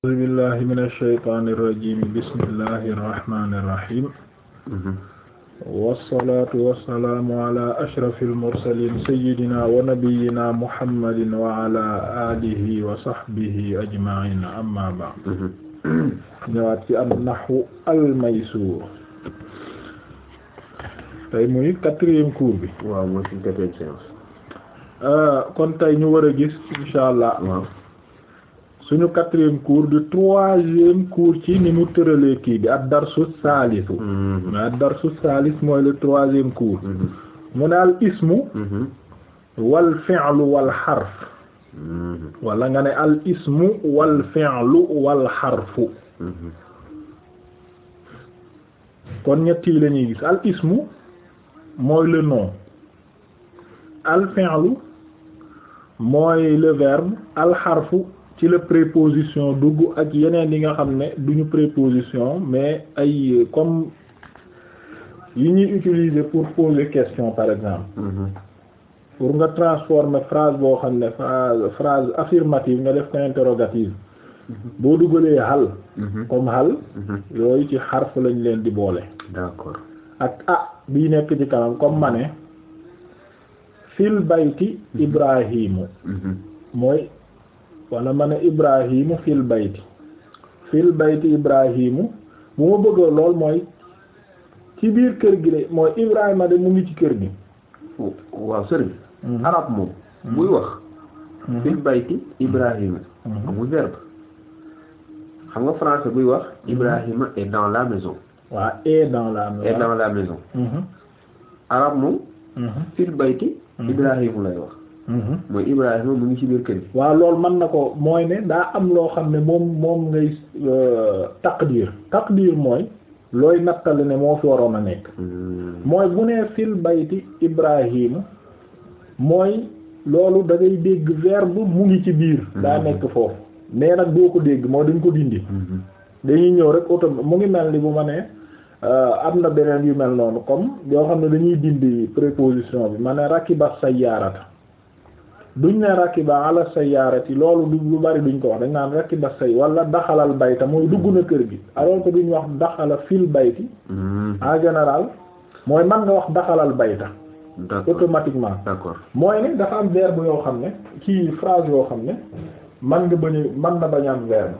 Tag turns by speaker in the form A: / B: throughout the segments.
A: a'uuzu billahi min ash-shaytaani irrajimi bismillahi irrahmani irrahim mhm. wassalatu wassalaamu ala ashrafi almursalin sayidina wa nabiyina muhammadin wa ala alihi wa sahbihi ajmain amma ba'd mhm. ñëwaat ci an-nahwu al-maysûr tey muy quatrième cours bi waaw mooy suñu quatrième séance ah, kon tey ñu war a gis inshallah suñu quatrième cours du troisième cours ci ni mu tëralee kii bi ad darsu saalisu mais mm-hmm. ad darsu saalis mooy le troisième cours mm-hmm. mu ne al ismu mm-hmm. wal fi'lu wal xarf wala nga ne al ismu wal fi'lu wal xarfu kon ñetti la gis al ismu mooy le nom al fi'lu mooy le verbe al xarfu ci la préposition dugg ak yeneen yi nga xam ne duñu préposition mais ay comme yi ñuy utiliser pour poser question par exemple mm-hmm. pour nga transformer phrase boo xam ne phrase phrase affirmative nga def ko interrogative mm-hmm. boo dugalee hal mm-hmm. comme hal yooyu ci xarf lañ leen di boole d'accord ak ah bi nekk ci kanam comme ma ne fil bayti ibrahimu mooy wala ma ne ibrahimu fil bayti fil ibrahimu bu ma bëggoon lool mooy ci biir kër gi de mooy ibrahima de mu ngi ci kër gi waaw sëriñ mm-hmm. arab moom mm-hmm. buy wax mm-hmm. fil bayti ibrahima amul xam nga français buy wax ibrahima est dans la maison waaw est dans la maison arab moom fil ibrahimu lay wax Mm-hmm. mooy Ibrahima mu ngi ci biir kër gi. waaw loolu mën na ko mooy ne daa am loo xam ne moom moom ngay euh, taqdir taqdir mooy looy nattali ne moo fi waroon a nekk. Mm. mooy bu nee fil bayti Ibrahima mooy loolu da dégg verbe mu ngi ci biir. Mm-hmm. daa nekk foofu mais nag doo ko dégg moo dañ ko dindi. Mm-hmm. dañuy ñëw rek auto mu ngi mel ni bu ma nee. Euh, am na beneen yu mel noonu comme yoo xam ne dañuy dindi préposition bi ma ne rakiba sayyarata duñ ne rakiba ala sayyarati loolu du lu bari duñ ko wax dañ naan rakiba say wala daxalal bayta mooy dugg na kër gi alors que duñ wax daxala fil bayti hmm. en général mooy mën nga wax daxalal bayta automatiquement d'accord mooy ne dafa am verbe yoo xam ne kii phrase yoo xam ne man nga bañ man na bañ am verbe.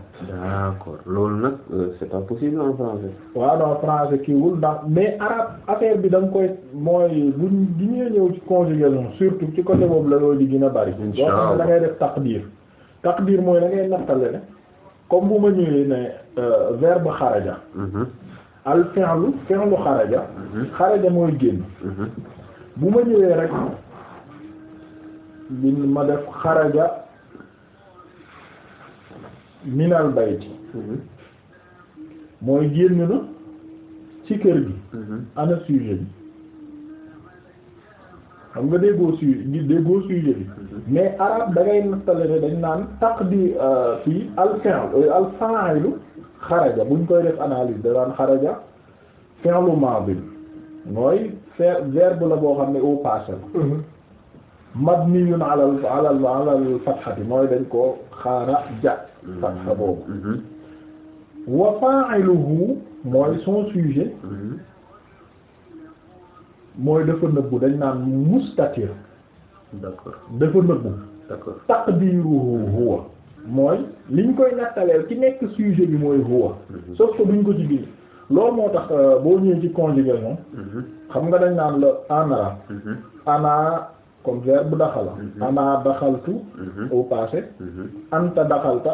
B: loolu nag euh, c'est pas possible en français.
A: waaw non français kiiwul ndax mais arabe bi da nga koy mooy buñ giñee ñëw ci conjugaison surtout ci côté boobu la loolu di gën a bari. incha da ngay def taqdir taqdir mooy da ngay nattale ne comme bu ma ñëwee ne euh, verbe xaraja. Mhm. al fi'lu fi'lu xaraja. Mhm. xaraja mooy génn. Mhm. bu ma ñëwee rek. bin ma def xaraja. minal bayti mhm. mooy génn na ci kër gi mhm. ana sujet bi xam nga déggoo sujet déggoo sujet bi mhm. mais arab da nattale ne dañ naan takk di euh, fii al fi'l euh, al fa'ilu xaraja buñ koy def analyse da daan xaraja fi'lu maadi mooy verbe la boo xam ne au passé la mabniyun ala al ala al mooy dañ ko xaraja farsa boobu mhm. mhm. wa fa'iluhu mooy son sujet mhm. mooy dafa nëbbu dañ naan mustatir d'accord dafa nëbbu d'accord taqdiruhu huwa mooy liñ koy nattaleel ki nekk sujet bi mooy huwa sauf que duñ ko ci biir loolu moo tax euh, boo ñëwee ci conjugaison xam nga dañ naan la ana ana comme bu daxala mhm. ana daxaltu mhm. au passé mhm. anta daxalta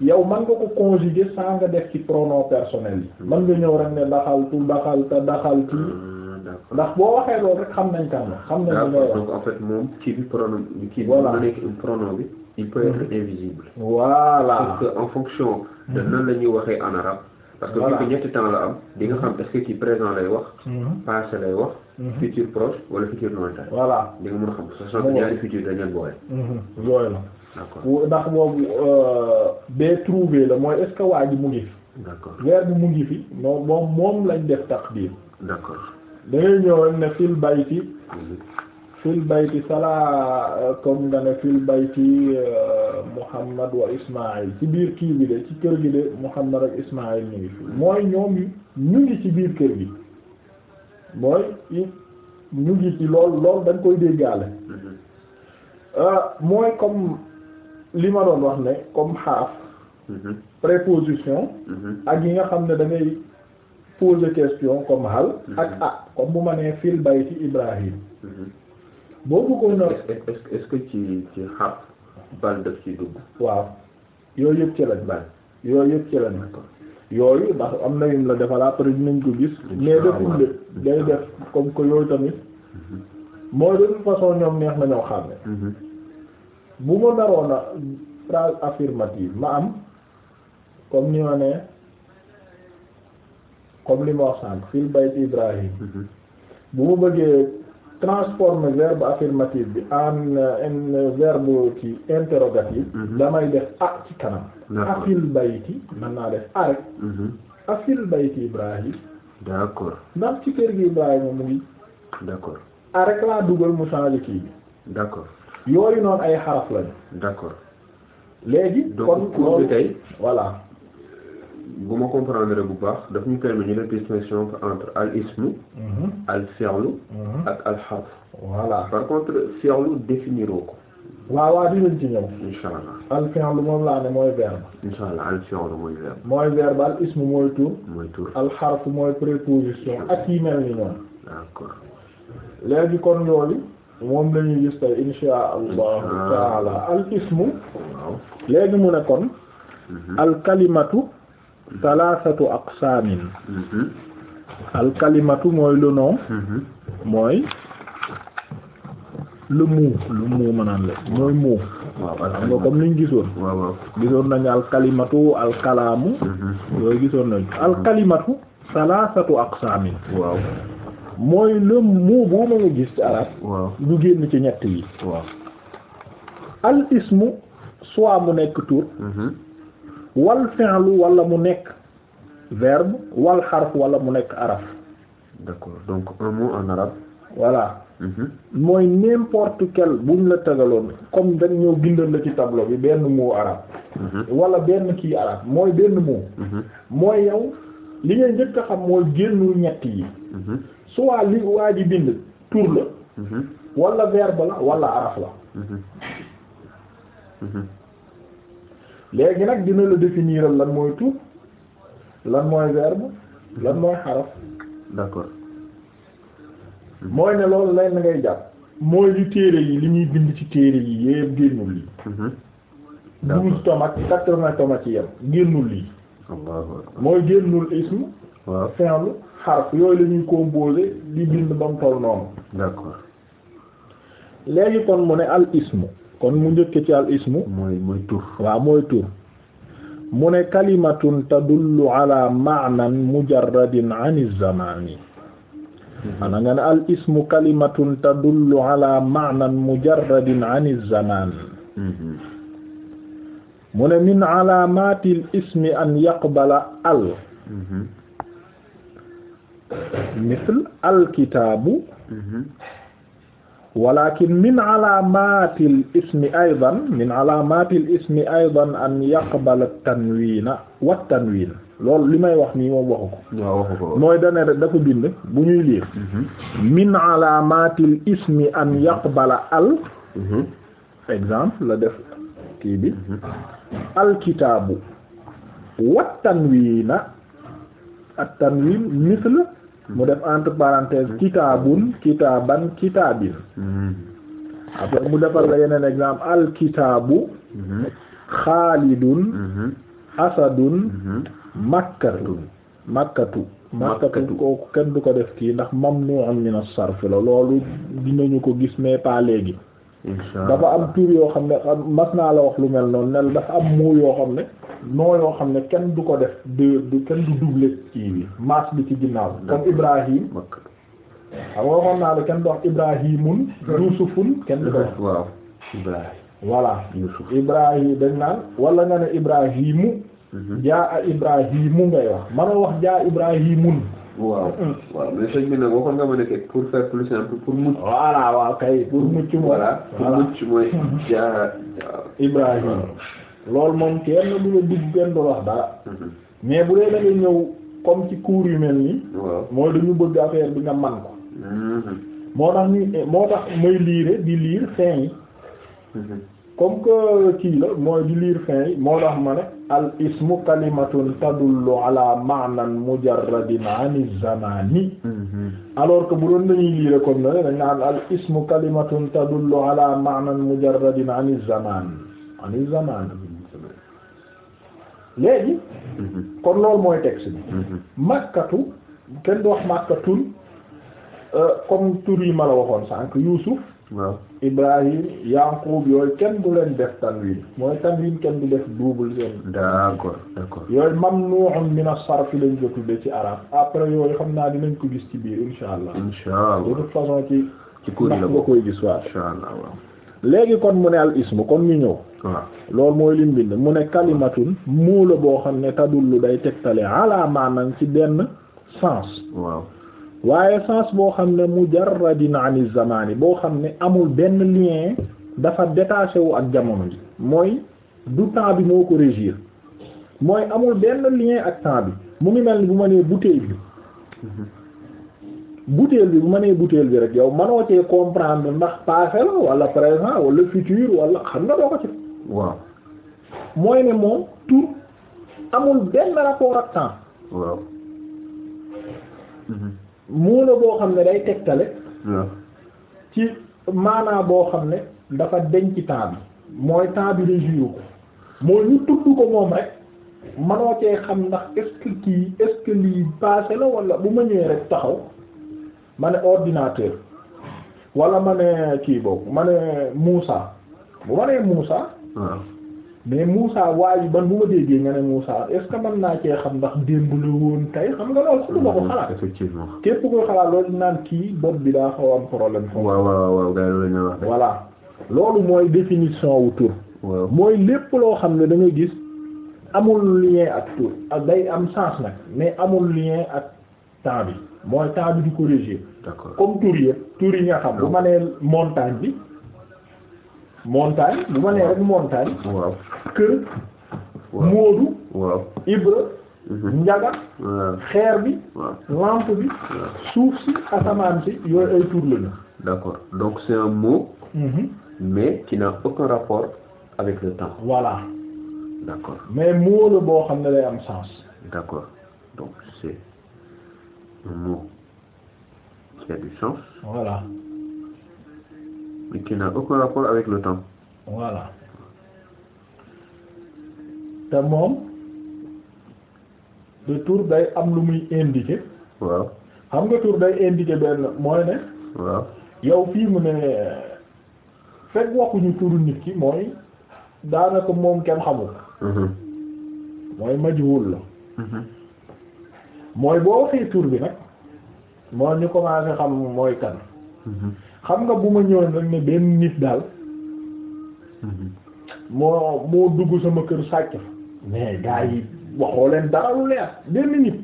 A: yow man nga ko conjuguer sans nga def ci prono personnel yi man nga ñëw rek ne daxaltu daxalta daxalti ah, ndax boo waxee loolu rek xam nañ kan la xam nañ li ngay wax donc en fait moom kii bi pronom kii bi mu nekk pronom bi il peut être invisible voilà parce en fonction de nan la ñuy waxee en arabe parce que bu ko ñetti temps la am di nga xam est-ce que présent lay wax passé lay wax Mhm. futur proche wala futur lointain. voilà di nga a xam ce sont ñaari futur dañ leen mhm. la. d'accord ndax boobu euh, bee trouvé la mooy est mu ngi fi. d'accord weer bi mu ngi fi moom moom lañ def taqdir. d'accord da ngay ñëw rek ne fil bayti. Mhm. fil bayti sala euh, comme nga ne fil bayti euh, Muhammad wa Ismaïl ci biir kii bi de ci kër gi de Muhammad ak Ismaïl ñu ngi fi mooy ñoom ñu ngi ci biir kër gi. mooy ñu ngi ci lool lool dañ koy déggaale mm-hmm. euh, mooy comme li ma doon wax ne comme xaaf mm-hmm. préposition mm-hmm. ak yi nga xam ne da ngay poser question comme hal ak ah comme bu ma nee fil bayti Ibrahim boo bëggoon a est-ce que ci ci xaaf bal def ci dugg waaw yooyu yëpp ci lañ bal yooyu yëpp ci lañ yooyu ndax am na yum la defal après dinañ ko gis mais deful lépp day def comme que yooyu tamit mm-hmm. mooy de toute façon ñoom neex na ñoo xam mm-hmm. bu ma naroon a affirmative ma am comme ni ma ne comme li ma wax sànq Ibrahim mm-hmm. bu ma bëggee transforme verbe affirmatif bi en euh, en euh, verbe qui mhm. damay def a ci kanam afil bayti mën naa def a rek mhm. afil bayti ibrahim d'accord ndax ci kër gi ibrahima mu d'accord a rek laa dugal mu changer kii bi d'accord yooyu noonu ay xaraf lañu d'accord léegi kon loolu tey voilà
B: bu ma comprendre bu baax daf ñu permettre ñu def distinction entre al ismu
A: mhm. al fi'lu mhm. ak al harf voilà par contre fi'lu définiroo ko waaw waaw dinañ ci ñëw insha allah al fi'lu moom laa ne mooy verbe insha allah al fi'lu mooy verbe al ismu mooy tur mooy tur al harf mooy préposition ak yi mel ni ñoom d'accord léegi kon loolu moom lañuy gis tey insha allahu al ismu léegi mu ne kon mhm. al kalimatu salaasatu aqsaamin mm-hmm. alkalimatu mooy le mm-hmm. mooy le mot le mot maanaam la mooy mot xam nga comme niñ gisoon gisoon nañu alkalimatu alkalaamu mm-hmm. yooyu gisoon nañu alkalimatu salaasatu aqsaamin waaw mooy le mot boo ma nga gis ci arab du génn ci ñett yi al ismu mu nekk tur wal fi'lu wala mu nekk verbe wal xarf wala mu nekk araf.
B: d'accord donc un mot en arabe.
A: Mhm. mooy n'importe quel la tegaloon comme dañ ñoo bindal la ci tableau bi benn mot arabe. Mhm. wala benn kii arabe mooy benn mot. Mhm. mooy yow li ngay njëkk a xam mooy génnul ñett yi. soit li waa ji bind tur la. wala verbe la wala araf la. léegi nag dina la définir lan mooy tuub lan mooy verbe lan mooy xaraf d'accord mooy ne loolu lenn ngay jàpp mooy li téere yi li ñuy bind ci téere yi yépp génnul lii mhm. douze tomes ak quatre-vingts tomes ci yem génnul lii mooy génnul ism waaw xaraf yooyu la ñuy composer di bind ba mu toll noonu d'accord léegi kon mu ne al ismu kon mu njëkk ci al ismu mooy mooy tur waaw mooy tur mu ne kalimatun tadullu ala maanan mujarradin an zamani mhm. ana nga ne al ismu kalimatun tadullu ala maanan an zaman mhm. mu ne min alaamatil ismi an yaqbala al mhm. misl alkitaabu walakin min alaamatil ismi aydan min alaamatil ismi aydan an yaqbala tanwiina wa tanwiin loolu li may wax ni moom waxu ko. mooy da ne da bind bu ñuy liir. Mhm. min alaamatil ismi an mhm. yaqbala al. Mhm. exemple la def kii bi. alkitaabu wa tanwiina at tanwiin misl mu def entre parenthèse hmm. kitaabun kitaaban kitaabin hmm. après mu defar la yeneen exemple al kitaabu hmm. xaalidun asadun makkatu makkatu makkatu kooku kenn du ko def kii ndax mamnu'un min as-sarf la loolu dinañu ko gis mais pas léegi dafa am tur yoo xam ne mas naa la wax lu mel noonu ne dafa am muu yoo xam ne noo yoo xam ne kenn du ko def du du kenn du double kii bi maas bi ci ginnaaw comme Ibrahim xam nga waxoon naa la kenn du wax Ibrahimun Yusufun kenn du ko wax waaw Ibrahim voilà Yusuf Ibrahim dañ naan wala nga ne Ibrahimu mhm. jaa a Ibrahimu ngay wax manoo wax jaa Ibrahimun waaw waaw mais sëñ bi nag pour faire waaw kay pour mucc mooy. jaa Ibrahim loolu moom kenn du la dig kenn du la wax dara mhm. mais bu dee da ñëw comme ci cours yu mel nii mooy dañu bëgg affaire bi nga man ko mhm. moo tax ni moo tax may liire di liir fin yi mhm. comme que kii la mooy di liir fin yi moo tax ma ne al ismu kalimatun tadul ala ma'nan mujarradin ani zamani alors que bu doon dañuy liire comme na dañ naan al ismu kalimatun tadullu ala ma'nan mujarradin ani zaman ani zaman léegi kon loolu mooy texte bi màkkatu mhm. kenn du wax màkkatul euh, comme tur yi ma la waxoon sànq Yuusuf waaw Ibrahim Yaaqub yooyu kenn du leen def tanwin mooy tanwin kenn du def double seen
B: d'accord d'accord
A: yooyu mamnu'un min as-sarf lañ ko tudde ci arab après yooyu xam naa dinañ ko gis ci biir insha allah insha allah de toute façon ci ci kuur la nga koy gis waaw léegi kon mu ne al ismu kon ñu ñëw waaw loolu mooy lim bind mu ne kalimatul muula boo xam ne tadullu day tegtale ala maanaam ci benn sens waaw waaye sens boo xam ne mujarradin ani zamani boo xam ne amul benn lien dafa détaché wu ak jamono ji mooy du temps bi moo ko régir mooy amul benn lien ak temps bi mu ngi mel ni bu ma nee bouteille bi mhm. butéel bi bu ma nee butéel bi rek yow manoo cee comprendre ndax passé la wala présent wala futur wala xam nga doo ko ci waaw moo mhm. la boo xam ne day tegtale ci maanaa boo xam ne dafa denc temps bi mooy temps bi day joué ko moom rek manoo xam ndax est-ce que kii est lii passé la wala bu ma ñëwee rek taxaw ma ne ordinateur wala ma ne kii boobu ma ne Moussa bu ma nee Moussa. Ah. mais Moussa waaye ban bu ma déggee nga ne Moussa est ce que mën naa cee xam ndax démb la woon tey xam nga loolu xalu ma ko xalaat. képp koy xalaat loolu naan kii bopp bi daa xaw am problème. waaw waaw waaw gars voilà loolu mooy définition wu tur. mooy lépp loo xam ne da gis amul lien ak tur ak day am sens nag mais amul lien ak temps bi. mooy temps bi du ko corriger d'accord comme tur yi nga xam bu ma nee montagne bi montagne bu ma nee rek montagne waaw kër moodu waaw mhm. njaga xeer bi lampe bi suuf si asamaan si yooyu ay tur la ñu d'accord donc c'est un mot mhm. mais qui n'a aucun rapport avec le temps voilà d'accord mais mot la boo xam ne lay am sens
B: d'accord donc c'est un mot qui a du sens. Voilà. Mais qui n'a aucun rapport avec le temps.
A: Voilà. te moom de tur day am lu muy indiquer. waaw xam nga tur day indiquer benn mooy ne. waaw yow fii mu ne fekk waxuñu turu nit ki mooy daanaka moom kenn xamul. Mhm. mooy majhul la. Mhm. mooy boo waxee tur bi nag moo ñu commencé xam mooy kan mm-hmm. xam nga bu ma ñëwoon rek ne benn nit daal mm-hmm. moo moo dugg sama kër sàcc fa mais gars yi waxoo leen dara lu leer benn nit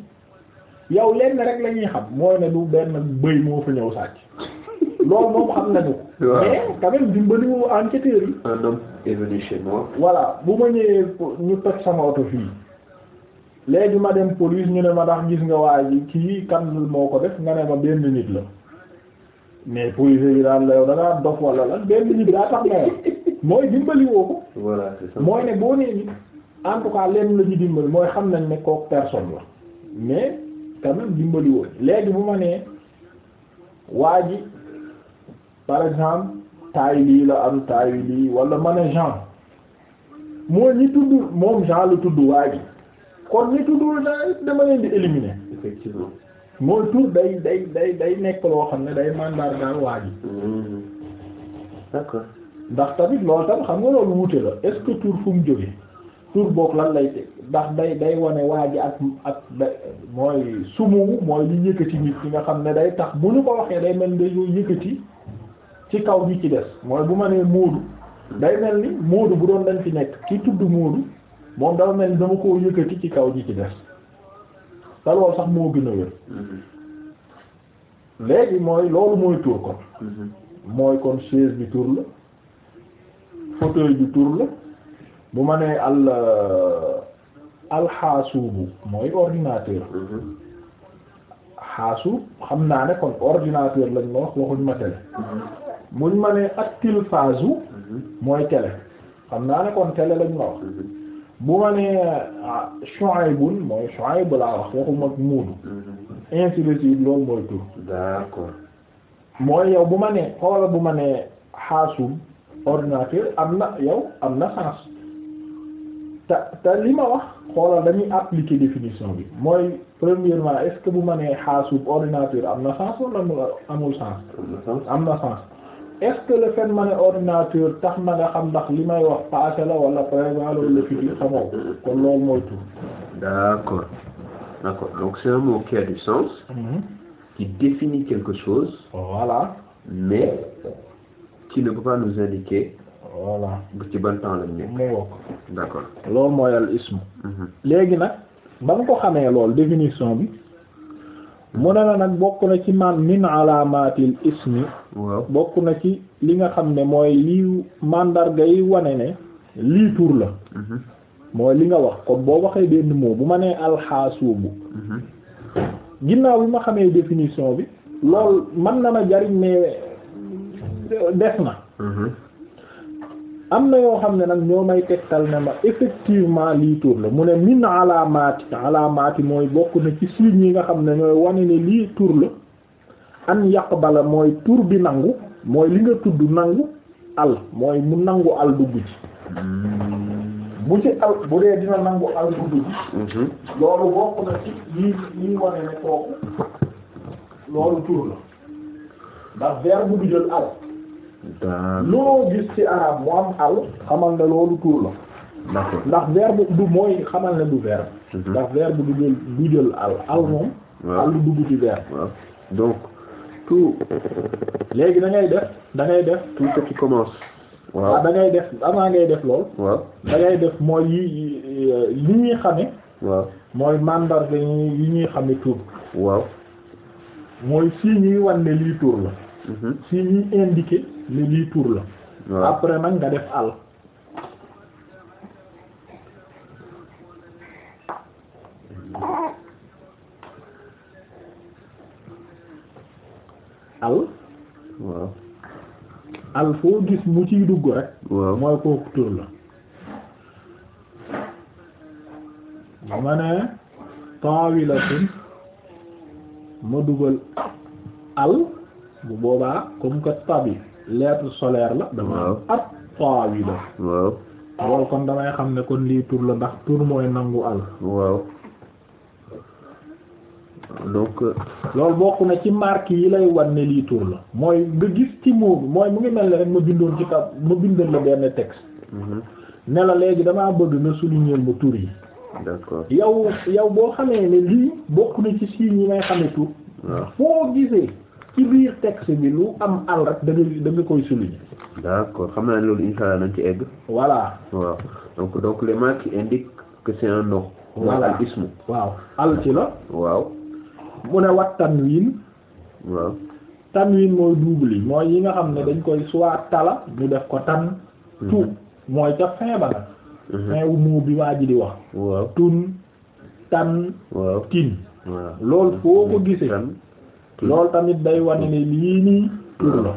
A: yow lenn rek la xam mooy ne bu benn bëy moo fa ñëw sàcc loolu moom xam nañu ko mais quand même dimbali wu enquêteurs yi un homme bu ma ñëwee ñu toj sama oto fii léegi ma dem police ne ma gis nga waa ji kii kan moo ko def nga ne ma benn nit la mais police bi daan la yow da ngaa dof wala la benn nit daa tax la mooy dimbali woo ko. voilà c'est ça mooy ne boo nee nit en tout cas lenn la ñu dimbali mooy xam nañ ne kooku personne la mais quand même dimbali woo léegi bu ma nee waa ji par exemple taay lii la am taay wala ma ne Jean mooy ñi tudd moom Jean la tudd waa ji. kon ñi tuddul daay dama leen di éliminer effectivement mooy tur day day day nekk loo xam ne day mandargaal waa ji mm-hmm. d'accord ndax tamit lool tam xam nga loolu wuute la est-ce que tur fu mu jógee tur boog lan lay teg day day wane waa ji ak ak da mooy sumu mooy li yëkkati nit ki nga xam ne day tax bu ñu ko waxee day mel ni dañoo yëkkati ci kaw ñi ci des mooy bu ma nee Moodu day mel ni Moodu bu doon dañ fi nekk ki tudd Moodu moom dafa mel dama koo yëkkati ci kaw ji ci des te sax moo gën a wér mm-hmm. léegi mooy loolu mooy tur kon mm-hmm. mooy kon chaise bi tur la fauteuil bi tur la bu ma nee al euh, alxaasuubu mooy ordinateur mm-hmm. xaasuub xam naa ne kon ordinateur lañ ma wax waxuñ ma télé muñ ma nee ak tilfaasu mooy télé xam naa ne kon télé lañ ma wax bu ma nee ah, Shuaybun mooy Shuayb laa wax waxuma muudu mhm. ainsi de suite mooy tur d'accord mooy yow bu mane nee bu mane nee Haasum ordinateur am na yow am na te te li ma wax xoolal dañuy appliquer définition bi mooy premièrement est-ce que bu ma nee Haasum ordinateur am na sens wala amul sens am na est-ce que ne ordinateur tax na nga xam ndax li may wax passé la wala prévaleur le futur xamoo kon loolu mooy tout.
B: d'accord d'accord donc c'est un mot qui a du sens. Mhm. qui définit quelque
A: chose. voilà mais qui ne peut nous indiquer. voilà ci ban temps lañ nekk. mu wokk d'accord. loolu mooy al ismu. Mhm. léegi nag ba nga ko xamee loolu définition bi. mu ne nag bokk na ci man min alaamaatil ismi bokk na ci li nga xam ne mooy lii màndarga yi wane ne lii tur la mhm. mooy li nga wax comme boo waxee benn mot bu ma nee alxaasuubu mhm. ginnaaw bi ma xamee définition bi lool man na ma jariñ mais des na mhm. am na yoo xam ne nag ñoo may tegtal ne ma effectivement lii tur la mu ne min alaamaati alaamaati mooy bokk na ci signes yi nga xam ne ñooy wane ne lii tur la an yaqbala mooy tur bi nangu mooy li nga tudd nangu al mooy mu nangu al dugg ci bu ci al bu dee dina nangu al dugg ci mhm. loolu bokk na ci yi yi wane ne kooku loolu tur ndax verbe bu du jël al loo gis ci arab mu al xamal ne loolu tur la ndax verbe du mooy xamal ne du verbe mhm. ndax verbe du jël du jël al al moom al lu dugg ci verbe donc tout léegi dangay ngay def da def tout ce waaw ah, da def avant ngay def lool waaw da def mooy yi li ñuy xame waaw mooy mandarga yi ñuy xame tur mooy signes yi wan ne lii tur la signes mhm. yi indiqué ne lii tur la après nag nga def al al waaw al foo gis mu ciy dugg rek mooy kooku tur la ma ne taawilatun ma dugal al bu boobaa comme que tabi lettre solaire la. dama at taawi la. waaw loolu kon damay xam ne kon lii tur la ndax tur mooy nangu al. waaw. donc. Euh, loolu bokk na ci marque yi lay wan ne lii tur la. mooy nga gis ci moom mooy mu ngi mel ne rek ma bindoon ci tab ma bindoon la benn texte. Mhm. ne la léegi damaa bëgg na souligner bu tur yi. d'accord yow yow boo xamee ne lii bokk na ci signes yi may xamee tur. waaw foo gisee. ci biir texte bi lu am al rek da koy souligner.
B: d'accord xam naa ne loolu inshallah nañ ci egg. voilà. waaw donc donc les marques indiquent que c'est un nom. waaw al ci la. waaw.
A: mu ne wat tanwin. waaw. tanwin mooy double yi mooy yi nga xam ne dañ koy soit tala ñu def ko tan. Mhm. tu mooy ca fin ba nag. Mhm. fin wu muu bi waa ji di wax. waaw tun tan. waaw tin. waaw loolu foo ko gisee. lool tamit day wane ni lii nii tur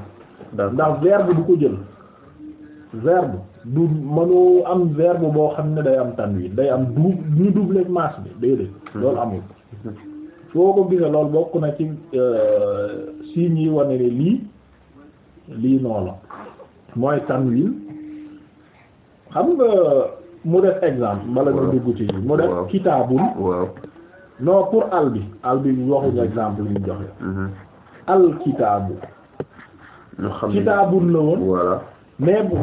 A: la ndax verbe du ko jël verbe du mënoo am verbe boo xam ne day am tanwin day am du ñu double masse bi déedéet loolu amul foo ko gisee loolu bokk na ci euh, signes yi wane ne lii lii noo la mooy tanwin xam nga mu def exemple bala ñu dugg ci yi mu def kitaabun non pour al bi al bi waxuñu exemple ñu joxe. Mhm. al kitaabu. ñu xam ne kitaabun la woon. voilà mais bu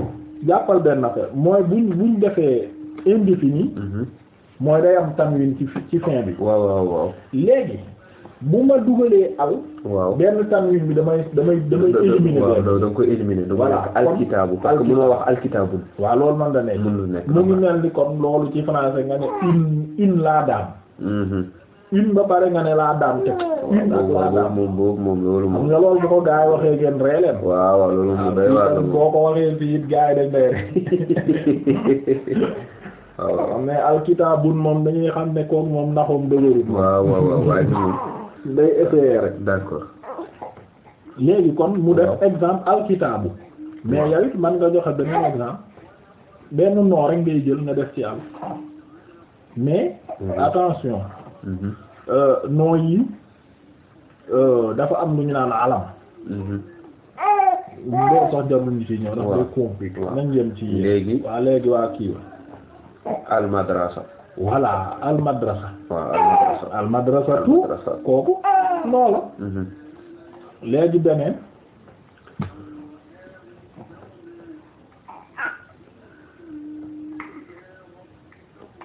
A: jàppal benn affaire mooy buñ buñ defee indéfini. Mhm. mooy day am tanwin ci ci fin bi. waaw waaw waaw. léegi bu ma dugalee al. waaw benn tanwin bi damay damay damay. éliminer waaw da nga koy éliminer. voilà al kitaabu parce que mënoo wax al kitaabu. waaw loolu man da nekk. mënul nekk mu ngi mel ni comme loolu ci français nga ne une une la dame. Mhm. une ba pare nga ne laa daan teg. Mm. moom moom moom. nga loolu bu ko gaa yi waxee ngeen ree leen. waaw loolu moom ah, day ko waxee fii it gaa yi waaw xam moom dañuy xam moom naxum dëgërut. waaw waaw waaw waaye moom. day essayer rek d'accord. léegi kon mu def exemple alkitaabu. mais yow it man nga joxe beneen exemple. benn noo rek ngay jël nga def ci al. mais mm-hmm. attention. Mhm. Euh, noo yi euh, dafa am lu ñu naan alam. Mhm. loolu sax jarul ñu ci ñëw. waaw dafa yem ci léegi waa léegi waa kii wa almadrasa. voilà almadrasa. waaw almadrasa. almadrasa tout kooku noonu la. Mhm. léegi beneen.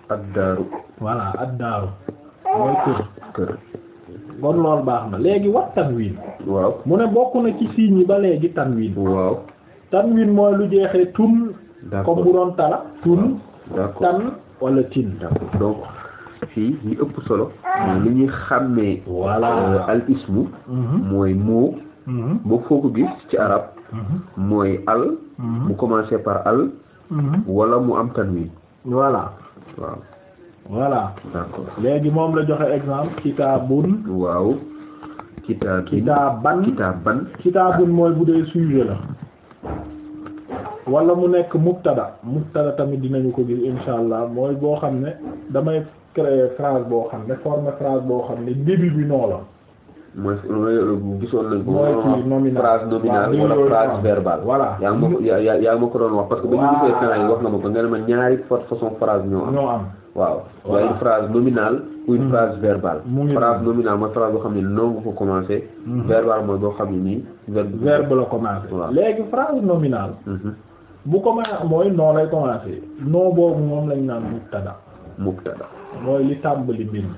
A: addaaru. voilà addaaru. mooy kër kër kon loolu baax na léegi wat tanwin waaw mu ne bokk na ci signes yi ba léegi tanwin waaw tanwin mooy lu jeexee tun comme bu doon tala tun tan wala tin d'accord donc fii li ëpp solo li ñuy xàmmee voilà euh, al ismu mhm. mooy moo mhm. boo foo ko gis ci arab mhm. mooy al mu commencer par al wala mu am tanwin voilà waaw voilà d'accord léegi moom la joxe exemple kitaabun waaw kitaab kitaaban kitaaban kitaabun mooy bu dee sujet la wala mu nekk mubtada mubtada tamit dinañu ko gis insha allah mooy boo xam ne damay créer phrase boo xam ne former phrase boo xam ne début bi noo la
B: mooy gisoon nañ ko phrase nominale wala phrase
A: verbale voilà yaa ngi ma ko yaa doon wax parce que ba ñu gisee fin yi wax nga ma ko nee na ma ñaari façon phrase ñoo am am waaw waaye une phrase nominale ou une hmm. phrase verbale phrase nominale mooy phrase boo xam ne nom nga ko commencé hmm. verbale mooy boo xam ne nii verbe la commencé waaw léegi phrase nominale hmm. bu commencé mooy nom lay commencé nom boobu moom lañ naan mubtada mubtada mooy li tàmbali bind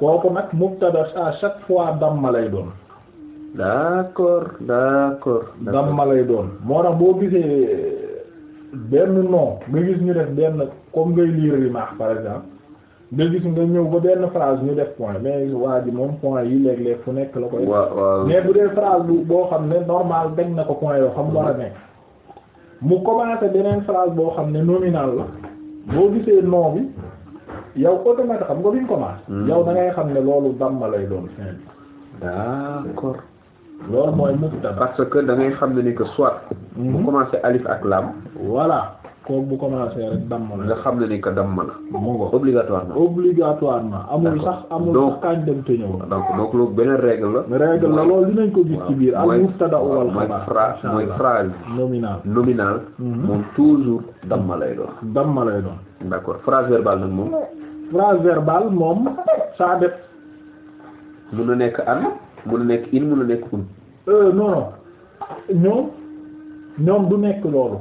A: kooku nag mubtada à chaque fois damma lay doon d'accord d'accord damma lay doon moo tax boo gisee benn nom nga gis ñu def benn comme ngay lire remarque par exemple nga gis nga ñëw ba benn phrase ñu def point mais waa ji moom point yi léeg-léeg fu nekk la koy mais bu dee phrase bu boo xam ne normal dañ na ko point yoo xam war a mm-hmm. nekk mu commencé beneen phrase boo xam ne nominal la boo gisee nom bi yow automatiquement xam nga biñ commencé mm-hmm. yow da xam ne loolu damma lay doon fin bi d'accord loolu mooy mubtada parce que da ngay xam ne ni que soit. Mhm. bu commencé alif ak lam. voilà kooku bu commencé rek damm la. nga xam ne ni que damm la. mu ngoog obligatoirement. obligatoirement amul sax amul sax la. Mhm. moom toujours damm lay lay doon. d'accord phrase verbale nag moom. phrase verbale moom saa def. mën na nekk an. mun a nekk il mun a nekk kun euh, non non ñoom ñoom du nekk loolu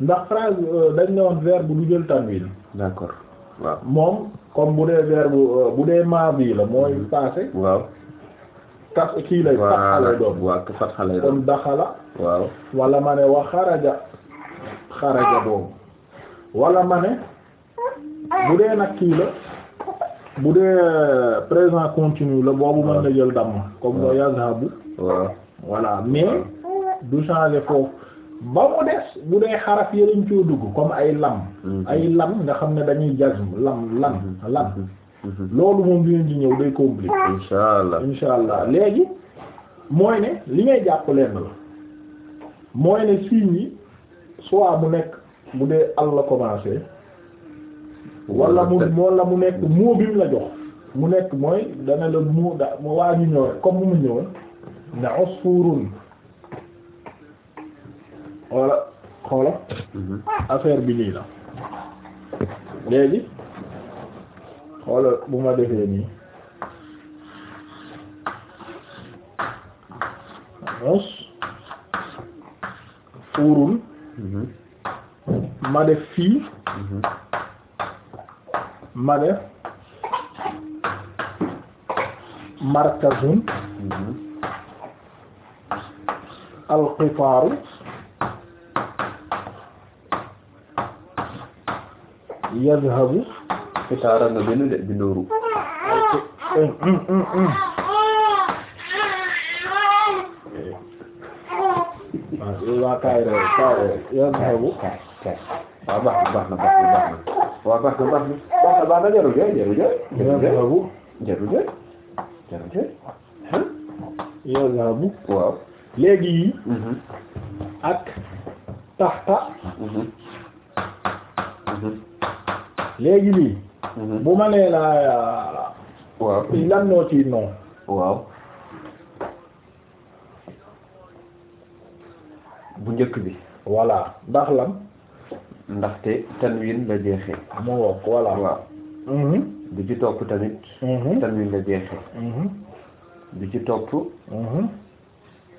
A: ndax phrase euh, dañ ne woon verbe du jël tanwin d'accord waaw moom comme bu dee verbe euh, bu dee maadi la mooy mm-hmm. passé waaw kas kii lay fatxa lay doon waaw fatxa kon daxala waaw wala ma ne wa xaraja xaraja boobu wala ma ne bu dee nag kii la bu dee présent continu la boobu mën na ah. jël damm comme ah. mooy yazhabu voilà mais du changer foofu ba mu des bu dee xaraf yi dugg comme ay lam mhm. ay lam nga xam ne dañuy jazm lam lam mhm. lam mhm. loolu moom dinañ ñëw day compliqué insha allah insha allah léegi mooy ne li ngay jàpp lenn la mooy ne signes yi soit bu nekk bu dee al la commencé wala mu wala mu nekk moo bi mu la jox mu nekk mooy dana la mu da waa ñu ñëw comme mu ñëwoon ne usfurun wala xoola mhm. affaire bi nii la léegi xoola bu ma defee nii usfurun mhm. ma def fii mhm. ma def markazun alqifaaru yadhabu xitaara nga benn de bindooru waa kaay yadhabu waaw baax na baax na baax na baal baal na jarul jooy jarul jooy. jarul waaw léegi yi ak taxta léegi lii bu ma la waaw lan noo non waaw bu njëkk bi voilà ndax lan
B: ndaxte te la jeexee moo wokk voilà waaw bi mm-hmm. ci topp tamit mm-hmm. tanwin la jeexee bi mm-hmm. ci topp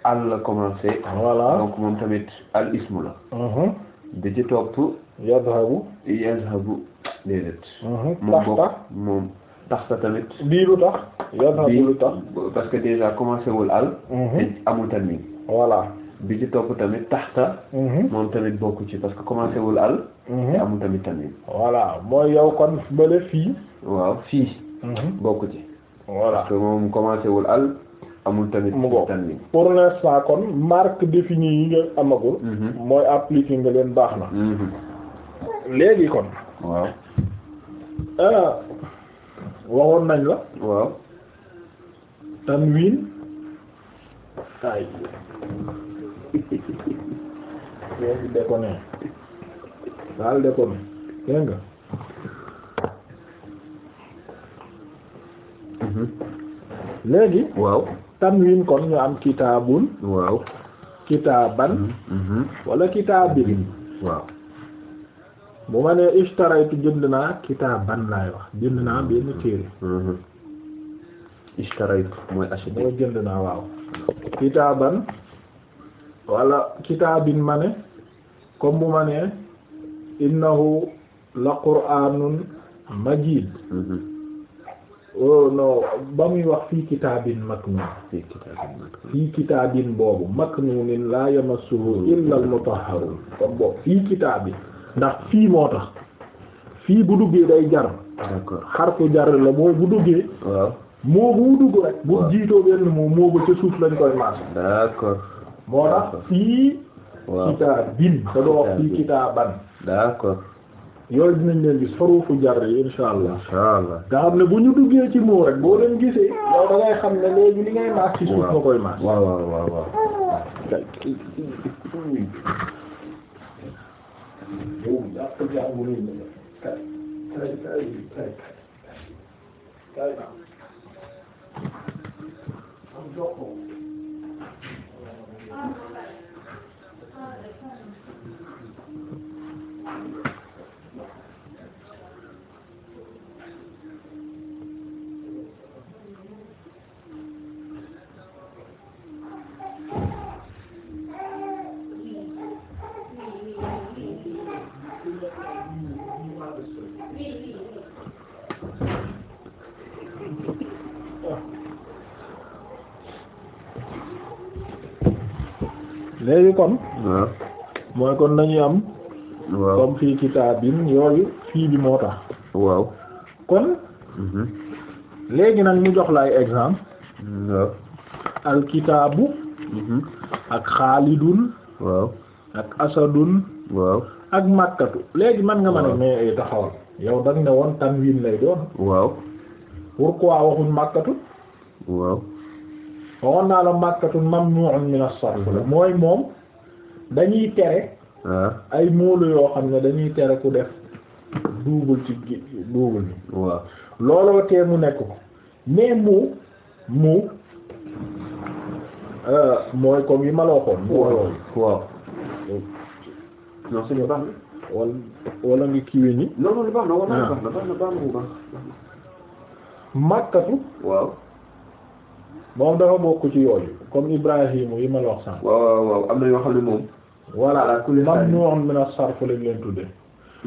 B: al la donc moom tamit al ismu la bi ci topp
A: yadhabu yadhabu déedéet moom bokk moom taxta tamit bii lu tax yadhabu lu tax parce que déjà commencé wul al amul tanwin voilà bi ci topp tamit taxta. Mhm. moom tamit bokk ci parce que commencé wul al. Mhm. te amul tamit tamit. voilà mooy yow kon bële fii. waaw fii. Mhm. bokk ci. voilà parce moom commencé wul al. amul tamit mu ngoog pour l'instant kon marque définie yi nga amagul. mooy appliqué nga leen baax na. léegi kon. waaw. Ah, waxoon nañ la. waaw. tanwin léegi déconné daal déconné dégg nga mhm. léegi waaw tanwin kon ñu am kitaabun waaw kitaaban mhm. Mhm. wala kitaabin waaw bu ma nee ishtaraytu jënd naa kitaaban laay wax jënd naa benn téere ishtaraytu mooy achet mooy jënd naa waaw kitaaban wala kitaabin ma ne comme bu ma nee innahu la qur'anun majid mm-hmm. oh, ba muy wax fii kitaabin maknun fii kitaabin maknun fii kitaabin boobu maknunin la yamassuhu mm-hmm. illa al mutahharun comme boobu fii kitaabin ndax fii moo tax fii bu duggee day jar d'accord jar la mooy duggee waaw moo dugg rek bu jiitoo benn moom moo ca suuf lañ koy maas moo tax fii kitaabin te doo wax fii kitaaban d'accord yooyu dinañ leen gis xurufu jar yi insha allah insha allah nga xam ne bu ñu duggee ci moo rek boo leen gisee yow da ngay xam ne léegi li ngay maas ci suuf nga koy maas waaw waaw waaw waaw léegi kon mooy kon nañuy am waaw comme fii kitaabin yooyu fii bi moo tax waaw kon mhm. léegi nag ñu jox lay exemple waaw al mhm. ak xaalidun waaw ak asadun waaw ak makkatu léegi man nga ma ne mais eh, taxawal yow dang ne woon tanwin lay doon waaw pourquoi waxuñ makkatu waaw waxoon naa la makkatu mamnu'un min as-sarf la mhm. mooy moom dañuy tere ah. ay móolu yoo xam ne dañuy tere ku def duubul ci duubul bi looloo tee mu nekk ko mais mu mu euh, mooy comme yi ma la waxoon mbooloo waaw non suñu baax na makkatu waaw moom dafa bokk ci yooyu comme Ibrahima yi ma la wax sànq. waaw waaw waaw am na yoo xam sarf lañ leen tudde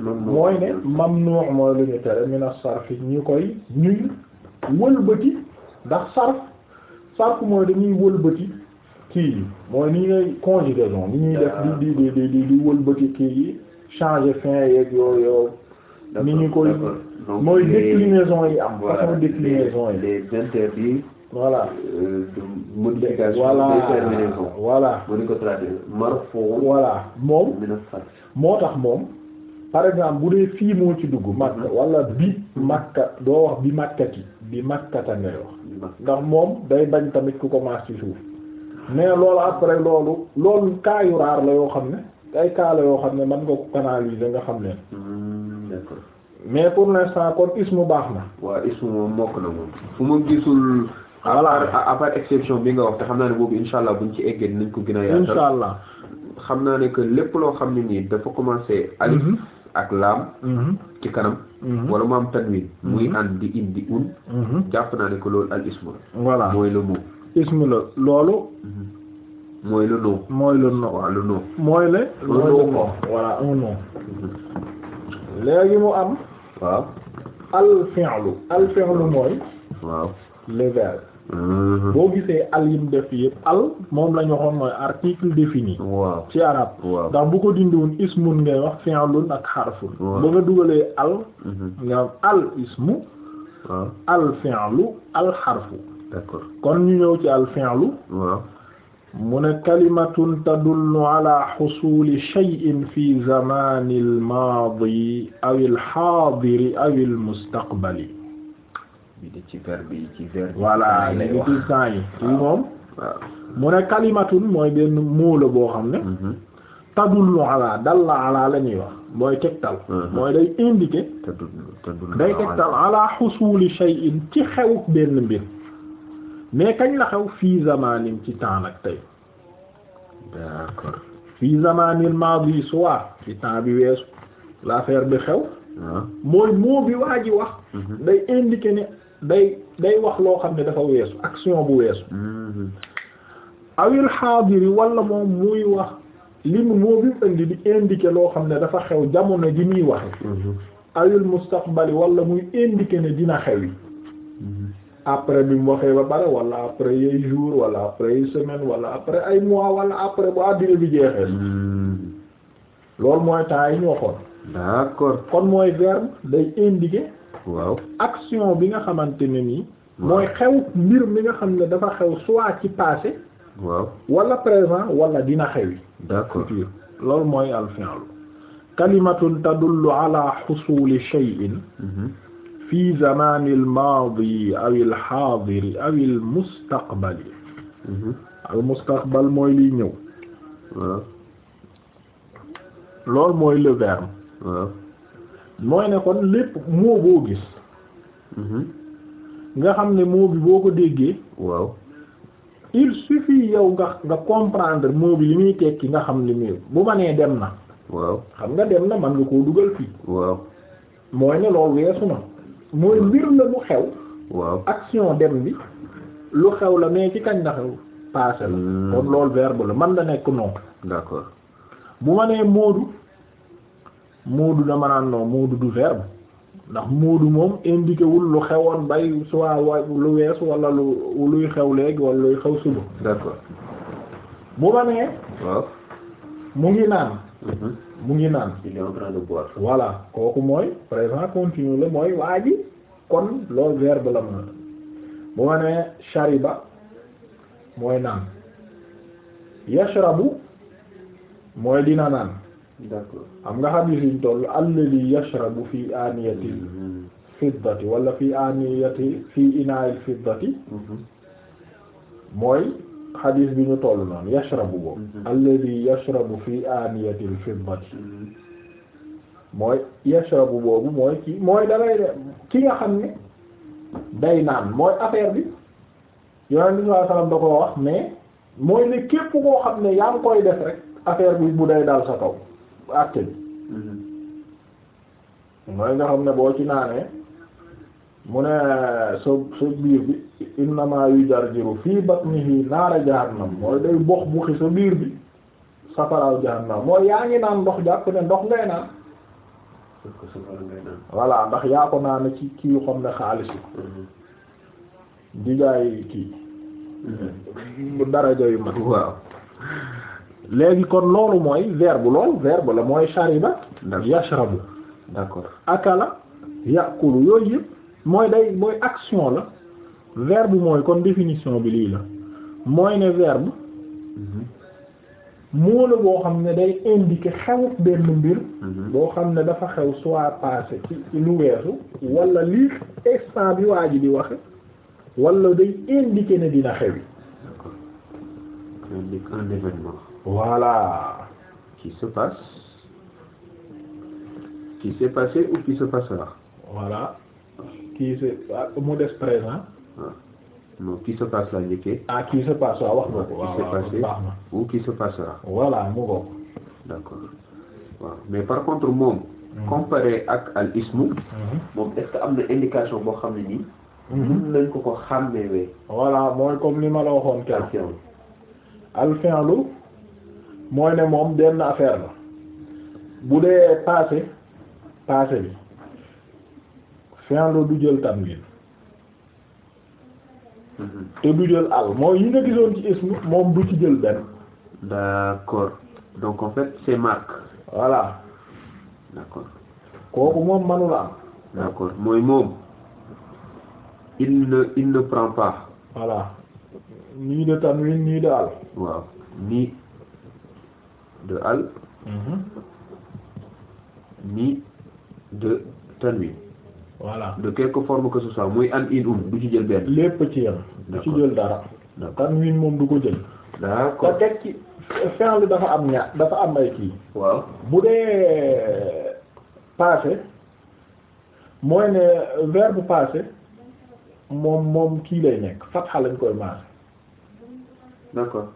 A: mooy ne mamnu' mooy lu ñu tere min as-sarf ñu koy ñuy wëlbati ndax sarf sarf mooy dañuy wëlbati kii yi mooy ni ngay conjugaison ñuy def di di di kii yi changer fin yeeg yooyu yow. ni ñu koy mooy déclinaison yi am façon déclinaison yi. voilà euh, modification. voilà bu ko traduire marfu. voilà moom moo tax moom. par exemple bu dee fii moo ci dugg. makka mhm. walla bi. makka doo wax bi makkati bi makkata ngay wax. ndax moom day bañ tamit ku commence ci suuf. mais loolu après loolu. loolu cas raar la yoo xam ne. ay kaala yoo xam ne mën nga ko canaliser nga xam ne hmm, mais pour l'instant kon ismu baax na. waaw ismu moom mokk na moom fu ma gisul. Ah, voilà ah. à exception bi nga wax te xam naa ne boobu incha allah buñ ci eggee dinañ ko gën a yaatal xam naa ne que lépp loo xam ne nii dafa commencé alif mhm. ak laam mhm. ci kanam mhm. wala mu am tanwin muy an di in di un jàpp naa ne que loolu al ismu la voilà mooy le mot ismu la loolu mooy le nom mooy le nom léegi mu am waaw al fi'lu al fi'lu mooy waaw
B: Mmh. boo
A: gisee al yim def yëpp al moom la ñu mooy article défini. waaw ci arab. ndax bu ko dindiwoon ismun ngay wax fi'lun ak harfun. ba nga dugalee al. Mmh. nga al ismu. al fi'lu al harfu. kon ñu ñëw ci al fi'lu. mu ne kalimatun tadullu ala xusuli shay'in fi zamanil maadi awil haadiri awil mustaqbali bi di ci verbe yi ci verbe voilà léegi ci temps yi yi moom mu ne kalimatun mooy benn mot la boo xam ne mm-hmm. tadullu ala dalla ala la ñuy wax mooy mm-hmm. mooy day indiquer day tegtal ala xusuli shay'in ci xew benn mbir mais kañ la xew fii zamanin ci temps tey d'accord fii zamanil maadi soit ci temps bi weesu l'affaire bi xew ah. mooy moo bi waa wax mm-hmm. day indiquer day day wax loo xam ne dafa weesu action bu weesu mm-hmm. awil xaadiri wala moom muy wax li mu moo bimu indi di indiquer loo xam ne dafa xew jamono ji muy waxe mm-hmm. awil mustaqbali wala muy indiquer ne dina xew yi mm-hmm. après bi mu waxee ba bari wala après yay jour wala après semaine wala après ay mois wala après bu àddina bi jeexee loolu mooy temps yi ñu waxoon d'accord kon mooy verbe day indiquer waaw action bi nga xamante ne nii. mooy xew mbir mi nga xam ne dafa xew soit ci passé. waaw wala présent wala dina xewi. d'accord loolu mooy al fi'l. kalimatun tadullu ala xusuli shay'in. Mhm. fi zamanil maadi awil xaadiri awil mustaqbali. Mhm. al mooy liy ñëw. waaw. mooy le mooy ne kon lépp moo boo gis mm-hmm. nga xam ne moo bi boo ko déggee waaw il suffit yow nga nga comprendre moo bi li muy tekki nga xam ne muy bu ma nee dem na waaw xam nga dem na man nga koo dugal fii waaw mooy ne loolu weesu na mooy mbir la lu xew waaw action dem bi lu xew la mais ci kañ la xew passé la mm. kon loolu verbe la man na nekk non d'accord bu ma nee Moodu moodu dama naan non moodu du verbe ndax moodu moom indiqué lu xewoon bay soit lu weesu wala lu luy xew léegi wala luy xew suba. d'accord bu ma nee. mu ngi naan. Mhm. mu ngi naan. il est voilà kooku mooy présent continu la mooy waa ji kon loolu verbe la mën bu ma nee shariba mooy naan yashrabu mooy dina naan. d'accord xam nga xadiis yiñ toll alladi yashrabu fi aniyati fiddati wala fi aniyati fi inaayil fiddati mhm. mooy xadiis bi ñu toll noonu yashrabu boobu mhm. alladi yashrabu fi aniyatil fiddati mooy yashrabu boobu mooy ki mooy dalay de ki nga xam ne day naan mooy affaire bi yonent bi sallallahu alayhi wasallam da ko wax mais mooy ne képp koo xam ne yaa ngi koy def rek affaire bi bu day dal sa kaw àtte bi mooy nga xam ne boo ci naanee mu ne sa sa biir bi innama yujarjiru fii batnihi naara jahannam mooy day box buxi sa biir bi safaraaw jahannam mooy yaa ngi naan ndox jàpp ne ndox ngay naan voilà ndax yaa ko naan ci kii yu xam ne xaalis yi digaay kii mm-hmm. daraja yu mag waaw léegi kon loolu mooy verbe lool verbe la mooy shariba yashrabu d'accord akala yàqulu yooyu yëpp mooy day mooy action la verbe mooy kon définition bi lii la mooy ne verbe mm-hmm. moo la boo xam ne day indiquer xewut benn mbir mm-hmm. boo xam ne dafa xew soit passé ci lu weesu wala lii instant bi waa ji di waxe wala day indiquer ne dina xewi public un événement. Voilà. Qui se passe, qui s'est passé ou qui se passera. Voilà. qui se mu des présent.
B: waaw non qui se passe la njëkkee.
A: ah qui se passe waaw wax nga ko. waaw waaw qui s'est passé ou qui se passera. voilà mu bokk. d'accord waaw mais par contre moom. Mhm. comparé ak al ismu. Mhm. moom est-ce que am na indication boo xam ne nii. mën mhm. nañ ko ko xàmmee. voilà mooy comme li ma la waxoon al fi'lu mooy ne moom benn affaire la bu dee passé passé bi fi'lu du jël tanwin te du jël al mooy yi nga gisoon ci ismu moom du ci jël benn d'accord donc en fait c'est marque voilà d'accord kooku moom manula am
B: d'accord mooy moom il ne il ne prend pas
A: voilà nii de tanwin nii de al waaw ni de al mhm. ni de tanwin voilà de quelque forme que ce soit an in um du ci jël benn lépp ci yam du ci jël dara tanwin moom du ko jël d'accord te teg ci fi'l dafa am ñaar dafa am ay kii waaw bu dee passé mooy ne verbe passé moom moom kii lay nekk fatxa lañ koy maase d'accord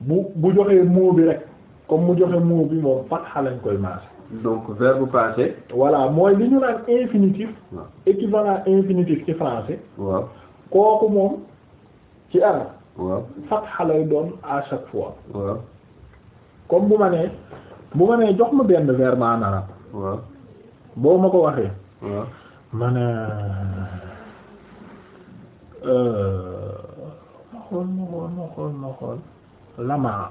A: bu bu joxee mot bi rek comme mu joxe mot bi moom fatxa lañ koy maase. donc verbe passé. voilà mooy li ñu naan infinitif. waaw équivalent infinitif ci français. waaw kooku moom ci arab. waaw fatxa doon à chaque fois. waaw comme bu ma nee bu ma nee jox ma benn verbe en arabe. waaw ma ko waxee. ma ne. Euh, xool ma xool ma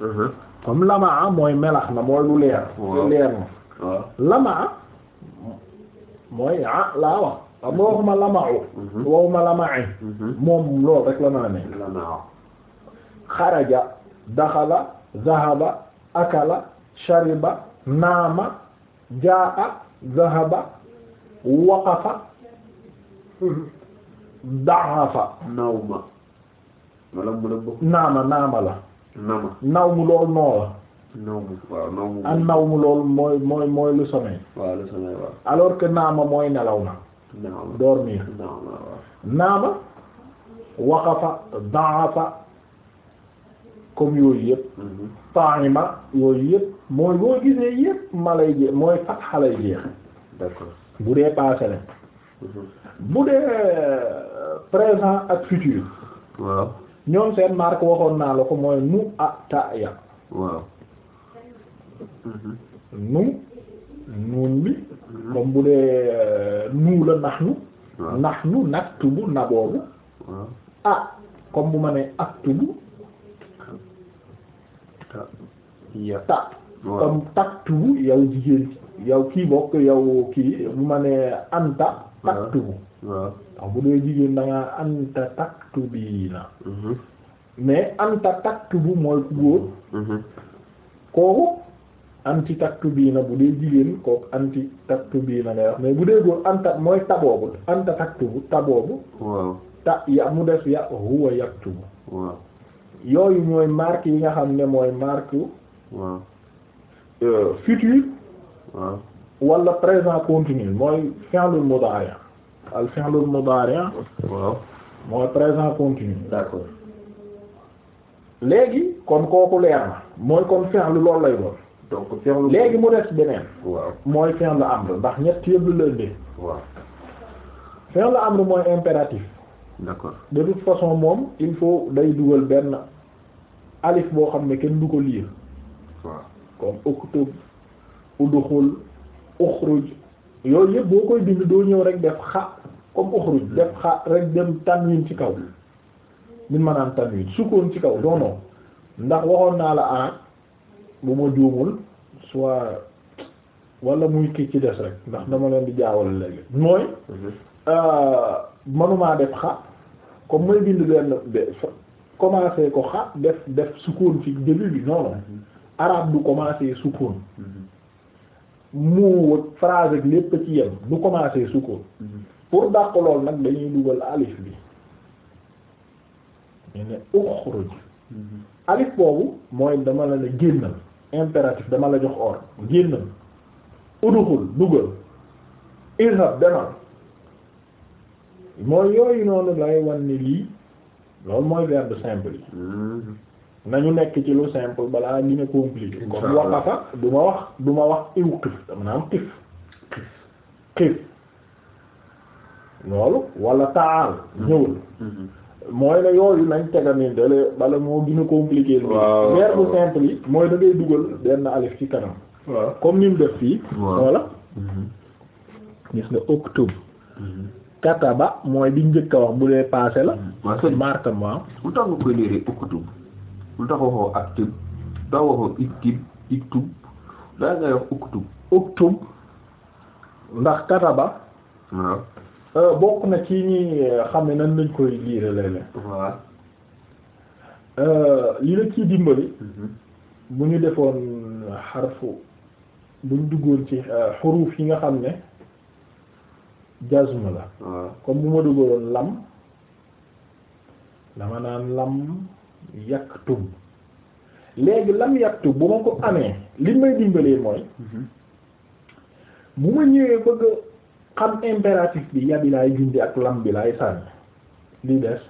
A: mm-hmm. mooy melax na mooy lu leer na lamaa mooy ah laa wax xam nga waxuma lamau mm-hmm. waxuma lamae mm-hmm. moom loolu rek la mën a nekk xaraja daxala zahaba akala shariba naama jaa zahaba waqafa daxafa wala mu ne bokk naama naama la. naama naw mu loolu loolu mooy mooy mooy alors que naama mooy nelaw na. dormir. naama naama. waqafa da'afa comme yooyu yëpp. Mhm. ta'ima yooyu yëpp. mooy boo gisee yëpp ma lay jeex mooy fatxa lay jeex. bu dee passé mhm. bu dee euh, présent ak futur. ñoom seen marque waxoon naa la ko mooy nu a ta ya waaw mhm. nu nuun bi mhm. comme bu dee euh, nuu la nax nu nax nu naktubu na boobu ah comme bu ma nee aktubu ta comme taktubu yow jigéen yow kii bokk yow kii bu ma nee anta taktubu waaw ndax bu dee jigéen da ngaa anta taktubiina mhm. mais anta taktubu mooy ku góor mhm. kooku anti taktubiina bu dee jigéen anti taktubiina ngay wax mais bu dee góor anta mooy taboobu anta taktubu taboobu ta ya mu ya huwa yaktubu waaw yooyu ñooy marque yi nga xam ne mooy marque waaw euh, futur waaw wala présent continue mooy fi'lul mudari' al fi'lul mudari' waaw mooy présent continu léegi kon kooku leer na mooy kon fi'lu loolu lay doon donc fi'lu léegi mu des beneen waaw mooy fi'lu amr ndax ñett yëpp la ëndee waaw fi'lu amr mooy impératif d'accord de toute façon moom il faut day dugal benn alif boo xam ne kenn du ko liir waaw comme uktub udxul uxruj yooyu yëpp boo koy bind doo ñëw rek def xa comme uxruj hmm. def xa rek dem tanwin ci kaw min maanaam tanwin sukkoon ci kaw non ndax waxoon naa la arab bu ma juumul soit wala muy kii ci des rek ndax dama leen di jaawal léegi mooy hmm. euh, manumaa def xa comme may bind benn commencer ko xa def def sukkoon ci début bi non non hmm. arab du commencer sukkoon moo phrase ak lépp ci yem du commencer sukkoon pour dàq lool nag dañuy dugal alif bi ñu ne uxruj alif boobu mooy dama la ne génnal impératif dama la jox ordre génnal uduxul dugal irhab demal mooy yooyu noonu lay wan ne lii loolu mooy verbe simple yi mm-hmm. nañu nekk ci lu simple balaa dina compliqué comme waqafa du ma wax du ma wax iw xif dama na am xif xif loolu wala taal mm-hmm. ñëwul mm-hmm. mooy ne yooyu nañ tegani dale bala moo gën a compliqué waaw verbe simple dugal benn alif ci kanam waaw comme ni mu def fii voilà mm-hmm. gis nga octobre kataba mooy di njëkk a wax bu dee passé la martement lu tax nga lu tax waxoo aktub lu tax waxoo iktib iktub daa ngay wax uktub uktub ndax kataba euh, bokk na ci ñi euh, xam ne nañ lañ koy liire léeg-léeg waaw euh, li dimbali mhm. bu ñu defoon xarfu buñ duggoon ci xuruuf yi nga xam ne jazm la comme bu ma duggoon lam dama naan lam yaktub léegi lam yaktub bu ma ko amee li may dimbalee mooy mhm. bu ma ñëwee bëgg xam impératif bi yabi laay junde ak lam bi laay sànni li des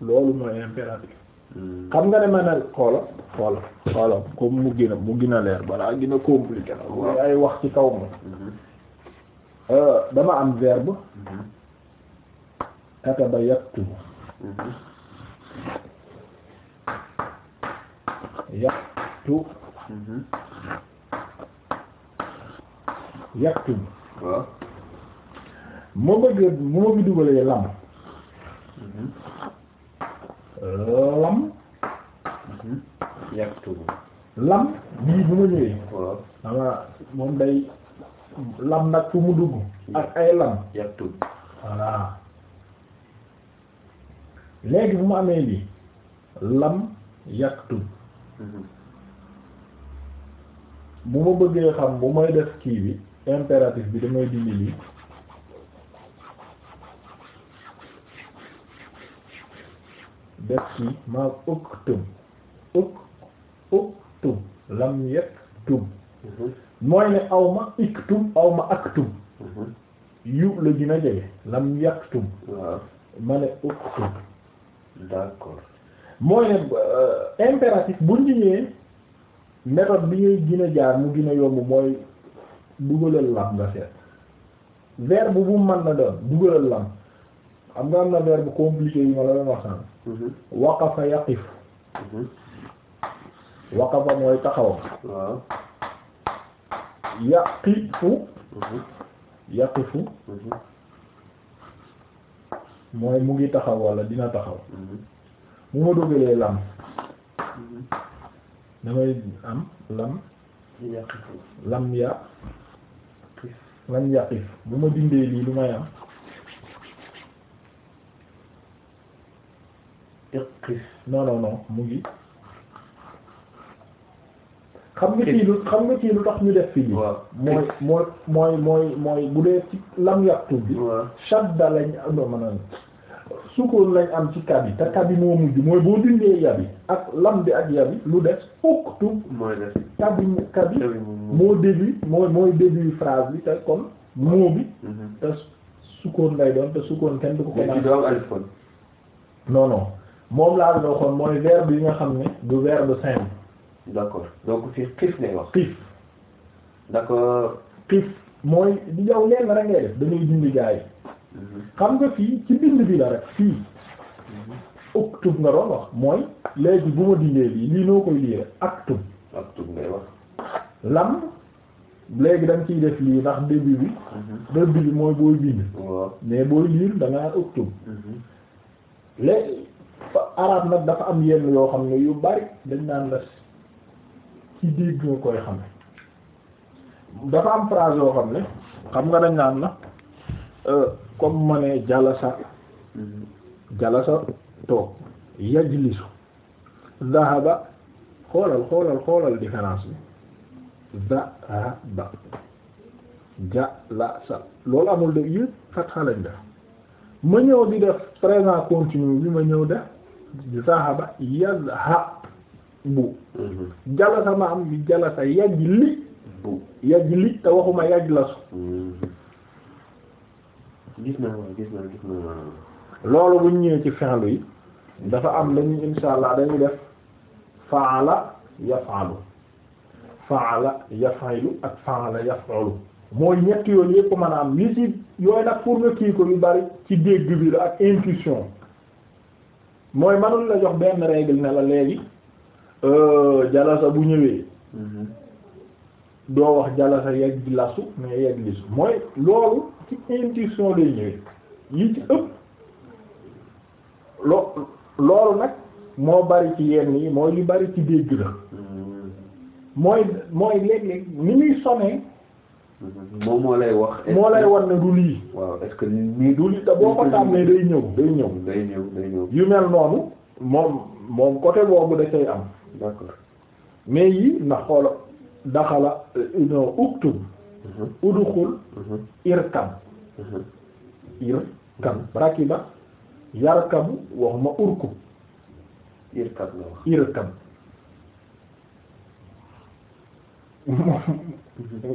A: loolu mooy impératif mhm. xam nga ne ma ne xoola xoola xoola comme mu gën a mu gën a leer balaa gën a compliqué la waaw ay wax ci kaw ma mhm. euh, dama am verbe kataba yaktubu yaktu mhm. yaktu waaw moo bëgg moo bi dugalee lam mhm. lam mhm. yaktu lam bii bu ma ñëwee moom day lam nag fu mu dugg ak ay lam yaktu voilà léegi bu ma amee lii lam yaktub bu ma bëggee xam bu may def kii bi impératif bi damay dindi lii def kii maa uktub uk uktub lam yaktub mooy ne aw ma iktub aw ma aktub yu la gën a jege lam yaktub ma ne uktub d'accord mooy ne euh, impératif buñ ci ñëwee méthode bi ñuy gën jaar mu gën yomb mooy dugalal lam nga seet verbe bu man na doon dugalal lam xam nga am na verbe compliqué yi ma la doon wax naan mhm. waqafa yaqif mhm. waqafa mooy taxaw waaw yaqifu mhm. yaqifu mooy mu ngi taxaw walla dina taxaw mu ma dogalee lam mhm. damay am lam lam ya lam yaqif bu ma dindee lii lu may am yaqif non non mu ngi xam nga kii lu xam nga kii tax ñu def fi waaw mooy mooy mooy mooy mooy bu dee ci lam yaqtu bi. waaw lañ am mën a. sukkoon lañ am ci kab yi te kab moo mujj mooy boo dindee yab ak lam bi ak yab lu des uktub mooy des kab yi yi moo mooy mooy début phrase bi te kon moo mhm. te sukkoon lay doon te sukkoon kenn du ko ko naan non moom laa loo xoon mooy verbe yi nga xam ne du verbe simple d'accord donc fii xiif lay wax xiif d'accord xiif mooy yow leen rek ngay dindi gaa yi xam nga fii ci bind bi la rek fii uktub nga doon wax mooy léegi bu ma dindee lii lii noo koy lii rek aktub aktub lam léegi da nga ciy def lii ndax début bi mhm. début bi mooy booy bind mais booy liir da nga uktub mhm. léegi arab nag dafa am yenn yoo xam ne yu bari dañ naan la ci dégg nga koy xame dafa am phrase yoo xam ne xam nga dañ naan la Euh, comme ma ne jalasa jalasa toog yajlisu dhahaba xoolal xoolal xoolal différence bi dhahaba jalasa loolu amul de yëpp fatxa lañ def ma ñëw di def présent continu bi ma ñëw def dhahaba yazhabu jalasa ma am bi jalasa yajli yajli te waxuma yajlasu hmm. gis na gis na gis na loolu bu ñu ñëwee ci fi'lu yi dafa am lañuy insha allah dañuy def faala yaf'alu faala yaf'ilu ak faala yaf'alu mooy ñett yoon yëpp mën a am yi nag pour nga kii ko yu bari ci dégg bi la ak intuition mooy mënul la jox benn règle ne la léegi euh, jalasa bu ñëwee mm-hmm. doo wax jalasa yegg lasu mais yegg lisu mooy loolu ci intuition lay ñëwee yi ci ëpp loolu nag moo bari ci yenn yi mooy li bari ci dégg la mooy mooy léeg-léeg ni muy sonee moom moo lay wax. moo lay wan ne du lii. waaw est-ce que nii du da boo ko tàmmee day ñëw day ñëw. day ñëw day ñëw. yu mel noonu moom moom côté boobu da cay am. d'accord mais yii ndax xoolal daxala euh, non uktub mhm. uduxul irkam mhm. irkam mhm. rakiba yarkabu waxuma wax irkam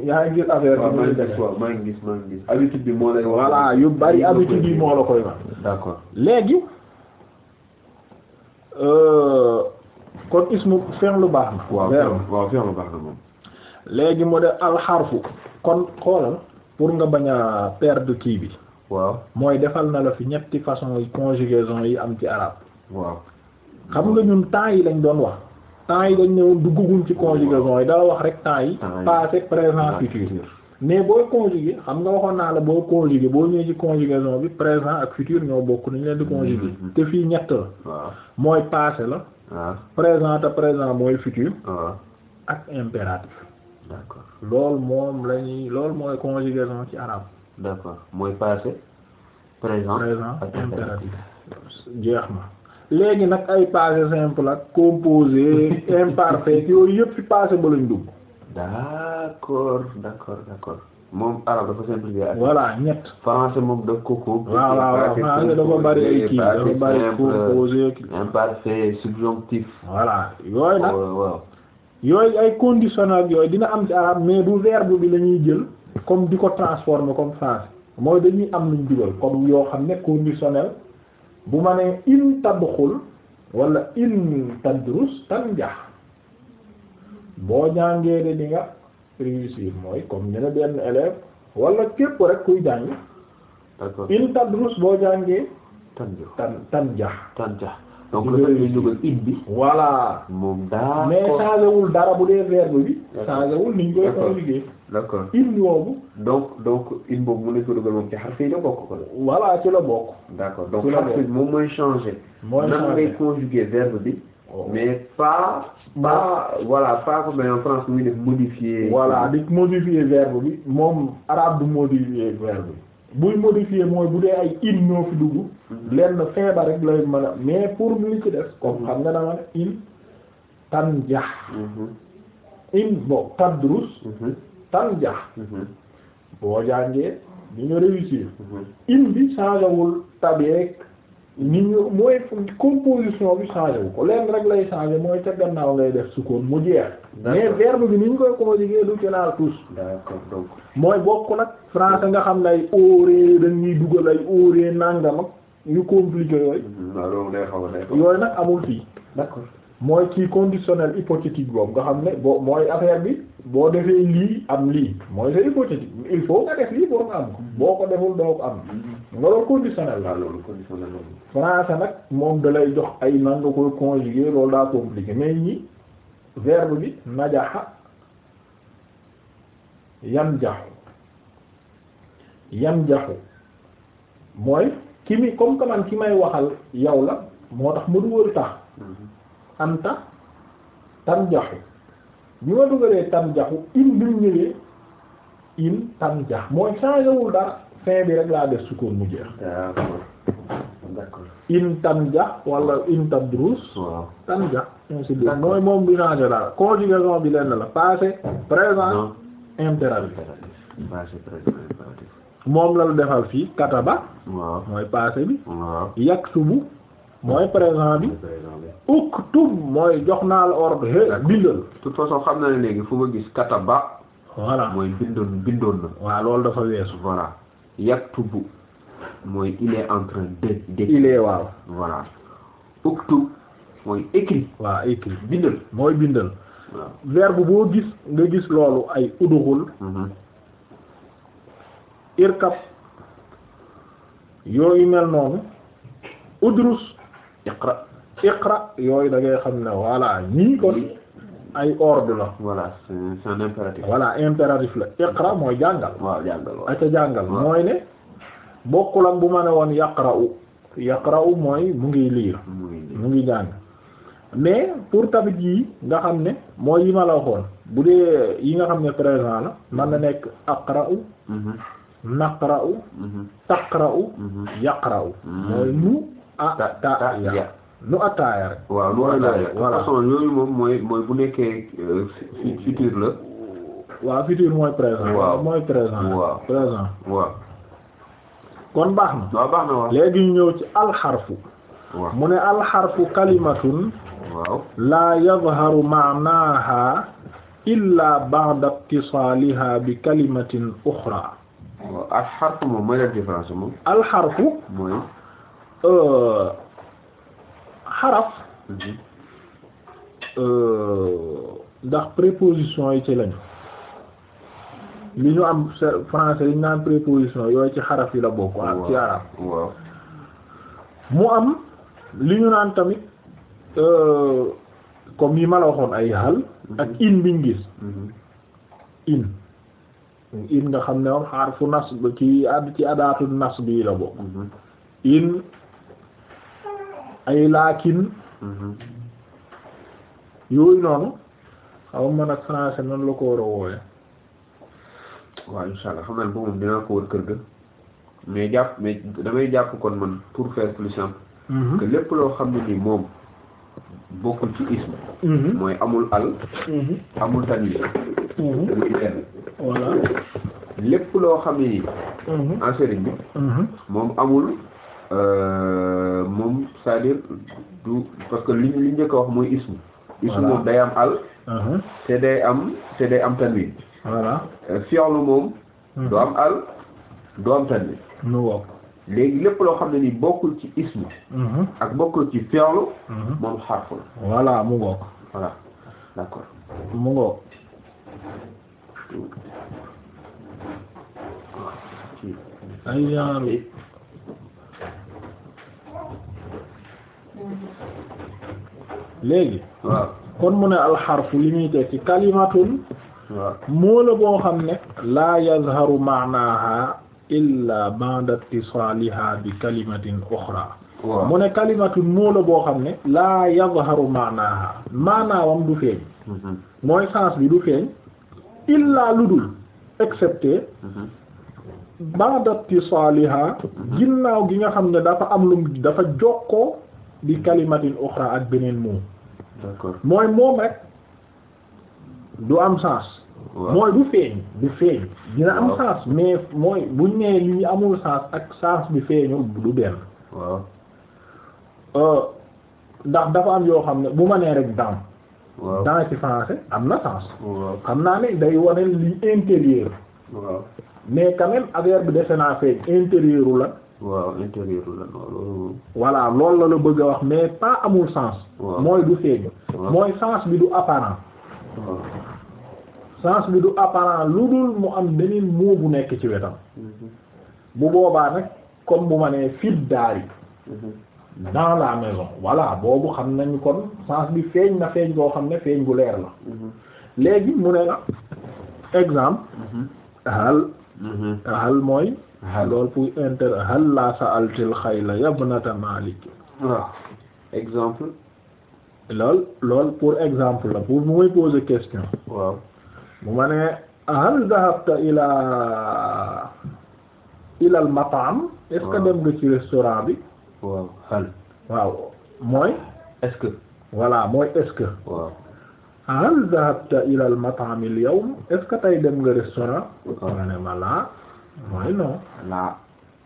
A: yaa ngi gis affaire bi. maa ngi gis waaw ngi gis maa ngi habitude bi moo lay wax. voilà yu bari habitude yi moo la koy wax. d'accord léegi. Euh, kon ismu fi'l lu baax na. waaw
B: waaw fi'l lu baax na moom.
A: léegi moo de alxarfu kon xoolal pour nga bañ a perdre kii bi waaw mooy defal na la fi ñetti façon yi conjugaison yi am ci arabe waaw xam nga ñun temps yi lañ doon wax temps yi dañ ñëwoon dugguguñ ci conjugaison yi dala wax rek temps yi passé présent futur ne boo conjuguer xam nga waxoon naa la boo conjuguer boo ñëwee ci conjugaison bi présent ak futur ñoo bokk nañ leen di conjuguer mm-hmm. te fii ñett la mooy passé la présent te présent mooy futur ak impératif d'accord loolu moom la ñuy loolu mooy conjugaison ci arabe.
B: d'accord mooy passé. présent présent impératif.
A: jeex na léegi nag ay passé simple ak composé imparfait yooyu yëpp ci passé ba lañ dugg.
B: d'accord d'accord d'accord
A: moom arabe dafa simplifié. voilà ñett français moom daf ko composé. waaw waaw français dafa bari ay kii dafa bari composé. imparfait yooy ay conditionnel yooyu dina am ci arab mais bu verbe bi la ñuy jël comme di ko transformer comme français mooy dañuy am luñ dugal comme yoo xam ne conditionnel bu ma nee in tadxul wala in tadrus tanjah boo jàngee de di nga réussir mooy comme ñu ne benn élève wala képp rek kuy jàng in tadrus boo jàngee tan tan tanjah donc le fait ñu dugal it bi. voilà moom daa. mais changé wul dara bu dee verbe bi. changé wul ni ñu koy conjuguer. d'accord it boobu. donc donc it boobu mu ne ko dugal moom ci xarf yi la bokk ko la. voilà ci la bokk. d'accord donc xarf yi moom mooy changé. mooy changé nan ngay conjuguer verbe bi. Oh.
B: mais pas. pas
A: voilà pas comme en France muy def modifier. voilà di modifier verbe bi moom arabe du modifier verbe bi. buy modifie mooy bu dee ay in ñoo fi dugg mm-hmm. lenn feebar rek la mën a mais pour li ci des comme mm-hmm. xam nga dama ne in tanjax in bo tadrus mm-hmm. tanjax boo jàngee di nga réussir in bi changé wul tabeek ni ñu mooy composition bi changé wu ko leen rek lay changé mooy ca gannaaw ngay def sukkoon mu jeex. mais verbe bi ni ñu koy conjuguer du ci laal tous. donc mooy bokk nag français nga xam ne ay ooree dañuy dugal ay ooree nangam ak yu compliqué yooyu.
B: Hmm, yooyu
A: nag amul fii. d'accord mooy kii conditionnel hypothétique boobu nga xam ne boo mooy affaire bi boo defee lii am lii mooy c'est hypothétique il faut nga def lii pour nga am hmm. boo ko deful doo ko am. Hmm. loolu conditionnel la loolu conditionnel nag moom da jox ay nan nga koy conjuguer loolu daa compliqué mais ñi verbe bi najaxa yan jaxu yan jaxu mooy ki mi comme que man ki may waxal yow la moo tax ma dugal tax mm-hmm. anta tan jaxu bi ma dugalee tan jaxu in bi ñëwee in tan jax mooy changé wul dara fin bi rek laa def sukkoon mu jeex. d'accord in tanja wala in tadrus. waaw tanja. mooy moom du bi lenn la defal fii kataba. waaw mooy passé bi. waaw yaktubu mooy présent bi. uktub mooy jox naa la ordre he bindal. de toute façon xam na léegi fu ma gis kataba. voilà mooy bindoon bindoon na. waaw loolu dafa weesu. voilà. yaktubu mooy il est en de de. waaw voilà. uktub mooy écrit. waaw écrit bindal. mooy bindal. waaw verbe boo gis nga gis loolu ay uduxul. Mm-hmm. irkab yooyu mel noonu. udrus. iqra yooyu da ngay xam ne voilà ñii kon. ay ordre la. voilà c'est impératif. voilà impératif la iqra mooy jàngal. waaw jàngal waaw jàngal. mooy ne bokkul ak bu ma ne woon yaqra'u. yaqra'u mooy mu ngi liir. mu ngi jàng mais pour tamit yii nga xam ne mooy yi ma la waxoon bu dee yi nga xam ne présent la man na mm-hmm. nekk aqra'u. Mm-hmm. naqra'u. Mm-hmm. taqra'u. yaqra'u. mooy nu. ah ta ya. nu attaaya rek. waaw nu attaaya voilà mooy bu nekkee euh, futur la. waaw futur mooy présent. waaw mooy présent. waaw kon baax na. léegi ñëw ci alxarfu. waaw mu ne alxarfu kalimatun. waaw laa yadharu maanaaha illa ba'da ittisaaliha bi kalimatin uxra.
B: waaw alxarfu moom mooy la différence
A: moom. alxarfu. mooy. Euh, xaraf mhm. euh, ndax préposition yi ci lañu li ñu am français li ñu naan préposition yooyu ci xaraf yi la bokk ak ci mu am li ñu naan tamit euh, comme yi ma la waxoon ay hal mhm. ak in biñ gis mhm. in in nga xam ne moom xarfu nas bi ci ad ci adaatu nas bi la bokk in ay laakin mhm. yooyu noonu xaw ma nag français noonu la ko war a woowe waaw insha allah xam naa boobu moom dinaa ko wër kër ga mais jàpp mais damay jàpp kon man pour faire plus simple mhm. que lépp loo xam ne nii moom bokkul ci ism mhm. mooy amul al amul tanwin amul ism voilà lépp loo xam ne nii bi moom amul Euh, moom c'est-à-dire du parce que liñ liñ njëkk a wax mooy ismu. ismu moom day am al. Uh-huh. te day am te day am tanwin. voilà euh, fi'lu moom. du uh-huh. am al du am tanwin. nu léegi lépp loo xam ne ni bokkul ci ismu. Uh-huh. ak bokkul ci fi'lu. moom xarfu la. voilà mu ngoog. voilà d'accord. mu ngoog. léegi kon mu ne alxarfu li muy tekki kalimatun waaw moo la boo xam ne laa yazharu maanaaha illa ba'da ittisaaliha bi kalimatin uxra mu ne kalimatun moo la boo xam ne laa yazharu maanaaha maanaawam du feeñ mhm. mooy sens bi du feeñ illa lu dul excepté mhm. ba'da ittisaaliha mhm. ginnaaw gi nga xam ne dafa am lu dafa jokkoo di kalimatin uxra ak beneen moom mooy moom rek du am sens mooy du feeñ du feeñ dina am sens mais mooy buñ nee li amul sens ak sens bi feeñul du benn waaw euh, ndax dafa am yoo xam ne bu ma nee rek dam dam am na sens xam naa ne day wane li intérieur mais quand même bi defe naa feeñ intérieur la waaw intérieur la loolu. voilà loolu la la bëgg a wax mais pas amul sens. mooy du feeñ. mooy sens bi du apparent. sens bi du apparent lu dul mu am beneen mot bu nekk ci wetam. Mm-hmm. bu boobaa nag comme bu ma nee daar yi. Mm-hmm. dans la maison voilà boobu xam nañu kon sens bi feeñ na feeñ boo xam ne feeñ bu leer la. Mm-hmm. léegi mu ne la exemple. hal. hal mooy. loolu pour inter hal laa sa'altil xayla yabnata Malik waaw exemple lool lool pour exemple la pour mu may poser question waaw bu ma ne dahabta ila ila al mataam est-ce que dem nga ci restaurant bi waaw hal waaw mooy est dahabta ila al mataam al yawm est-ce que tey dem nga restaurant mooy non laa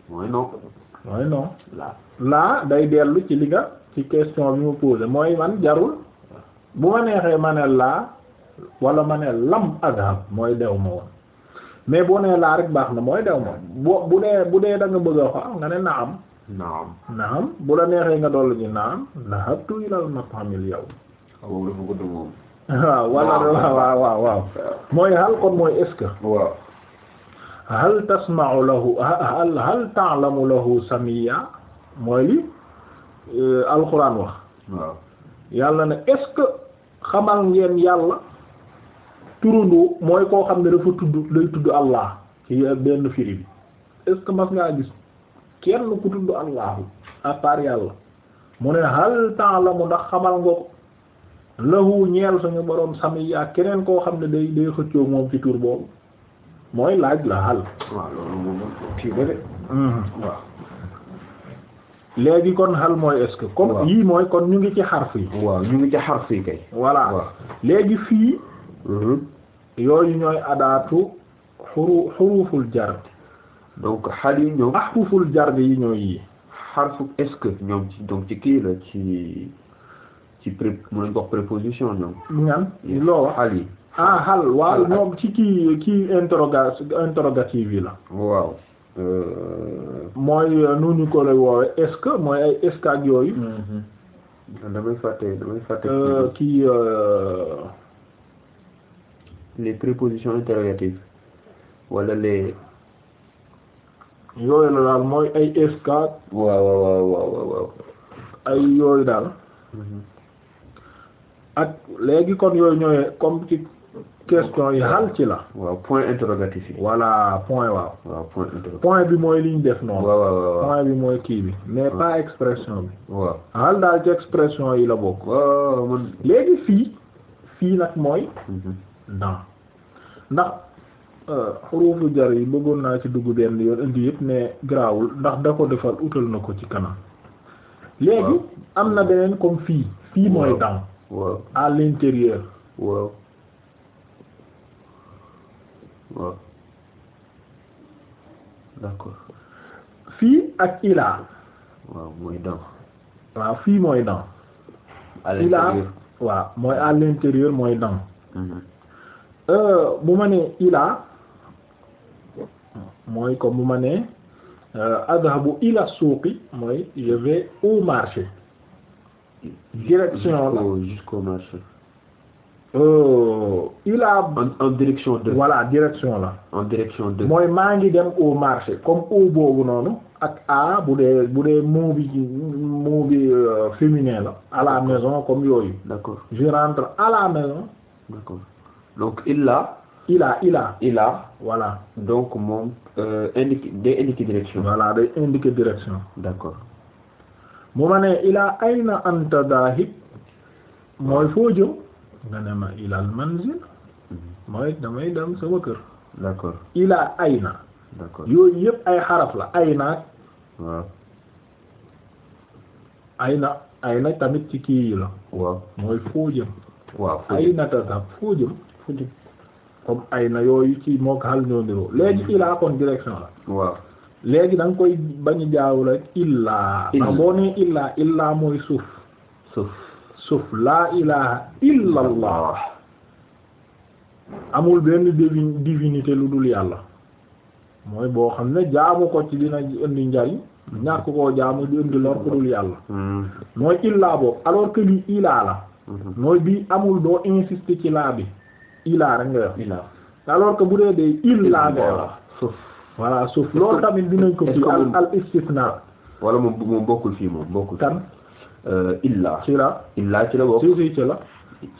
A: mooy non laa laa day dellu ci li ci question bi mu posé mooy man jarul bu ma neexee ma ne laa wala ma ne lam adhab mooy dew ma boo nee laa baax na mooy dew bu dee da nga bëgg a wax nga ne bu la neexee nga dolli ñu naam dhahabtu ila al mat'am ah, waaw mooy hal kon mooy est hal tasma'u lahu hal hal ta'lamu lahu samiya mooy li euh, alxuraan wax waaw yàlla ne est xamal ngeen yàlla turandoo mooy koo xam ne dafa tudd lay tudd allah ci benn firi bi est mas ngaa gis kenn ku tudd allahu à part yàlla mu ne hal ta'lamu ndax xamal nga ko lahu ñeel suñu boroom samiya keneen koo xam ne day day xëccoo moom ci tur boobu mooy laaj la hal loolu moom kii ba de waaw léegi kon hal mooy ce que comme mooy kon ñu ngi ci xarf yi waaw ñu ngi ci xarf yi kay voilà léegi fii mhm. yooyu ñooy adaatu xuru xuruful jar donc xal yi ñoom xaruful jar yi ñooy yi xarfu est-ce que ñoom ci donc ci kii la ci ci pré mën nañ ko ñoom ñan loo wax xal yi ah hal waaw ñoom ci kii kii interroga interrogative yi la. waaw. Euh, mooy euh, nu ñu ko lay woowee est-ce que mooy ay est-ce que ak yooyu. Mm-hmm. damay fàtte damay fàtte. Euh, kii. les prépositions interrogatives wala les. yooyu la daal mooy ay est-ce waaw waaw waaw waaw. ay yooyu daal. Mm-hmm. ak léegi kon yooyu ñooy comme ci. question yi xal euh, ci la. waaw point interrogatif yi. voilà point waaw. point bi mooy liñ ñu def noonu. point bi mooy kii bi. mais pas expression bi. waaw xal daal ci expression yi la bokk. waaw man léegi fii fii nag mooy. Mhm. dans ndax euh, xuruufu jar yi bëggoon naa ci dugg benn yoon indi yëpp ne garaawul ndax da ko defal utal na ko ci kanam. léegi am na beneen comme fii. fii mooy dans. à l'intérieur. waaw fii ak ila
B: waaw mooy dans
A: waaw fii mooy dans ilaa waaw mooy à l'intérieur mooy dans mm-hmm. euh, bu ma nee mooy comme bu ma euh, ila suuqi mooy je vais au marché mm-hmm. direction la Euh, il a. en direction de. voilà direction la. en direction de. mooy maa ngi dem au marché comme au boobu noonu ak a bu dee bu dee mot bi euh, féminin la. à la maison comme yooyu. d'accord je à la maison. d'accord donc il a. il a il a. donc moom euh, indiqué day indiqué direction. voilà day indiqué direction. d'accord. mu ma ne il a ayna mooy foo jëm. nga ne ma ilal manzil mooy damay dem sama kër d'accord ilaa ayna d'accord yooyu yëpp ay xaraf la aynaak waaw ayna ayna tamit ci kii yi la waaw mooy foo jëm waaw ayna tatab foo jëm foo yooyu ci moo ko xal ñoo niroo léegi mm-hmm. ilaa kon direction la waaw léegi da koy bañu jaaw la illaa ndax boo nee illaa illaa mooy suuf suuf sauf laa ilaha illa allah amul benn divinité lu dul yàlla mooy boo xam ne jaamu ko ci dina indi njariñ ñàkk koo jaamu di indi lor dul yàlla mm. mooy illaa boobu alors que lii ilaa la mm-hmm. mooy bii amul doo insister ci laa bi ilaa rek nga wax ilaa alors bu dee dee illaa nga wax suuf loolu tamit dinañ ko fi al al wala moom moom bokkul fii moom bokkul tan Euh, illaa ci la illaa ci la bokk si si ci la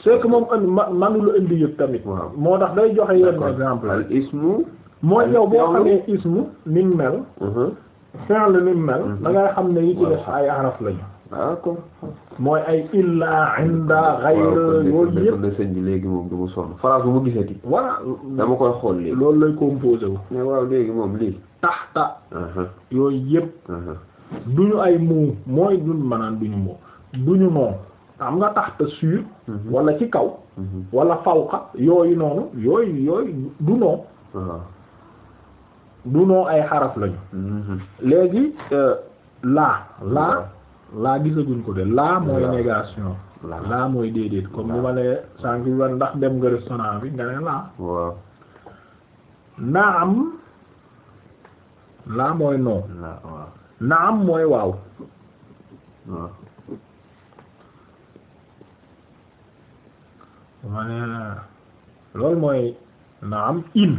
A: c'est que moom indi ma manula yëpp tamit moo tax day joxe yenn exemple al ismu mooy yow boo xamee ismu ni mu mel uh-huh. fi'l ni mu mel uh-huh. da xam ne yi ci def ay araf lañu d'accord ah, mooy ay illa inda ghayr yooyu yëpp bi léegi moom du mu sonn phrase bu mu gisati voilà dama koy xool léegi loolu lay composé wu waaw léegi moom lii taxta uh-huh. yooyu yëpp duñu ay muu mooy ñun manaan duñu moo duñu noonu am nga taxta sur mhm. wala ci kaw mhm. wala fawqa yooyu noonu yooyu yooyu du noo du noo ay xaraf lañu mhm. léegi euh, laa laa laa gisaguñ ko de laa mooy négation laa mooy déedéet comme ni ma ne sànq bi ndax dem nga restaurant bi nga ne laa naam laa mooy non naam mooy waaw waaw ma ne loolu mooy naam in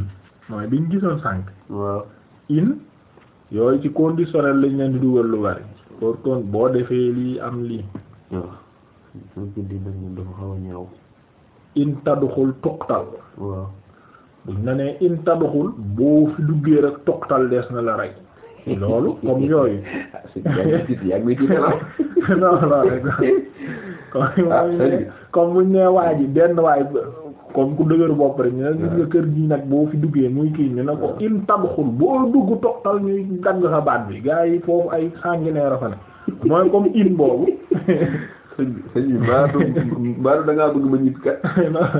A: mooy biñ gisoon sànq waaw in yooyu ci conditionnel lañ leen di dugal lu bari pour kon boo defee lii am lii waaw in tadduxul tuqtal waaw buñ na ne in tadduxul boo fi duggee rek tuqtal des na la rey loolu comme yooyu. non non comme ah, buñ nee waa ji benn waay comme ku dëgër bopp rek ñu ne nga kër gi nag boo fi duggee muy kii ñu ne ko in tabaxul boo dugg toqtal ñuy dagg sa baat bi gars yi foofu ay sanguinaire fa ne mooy comme in boobu. da ngaa bëgg ma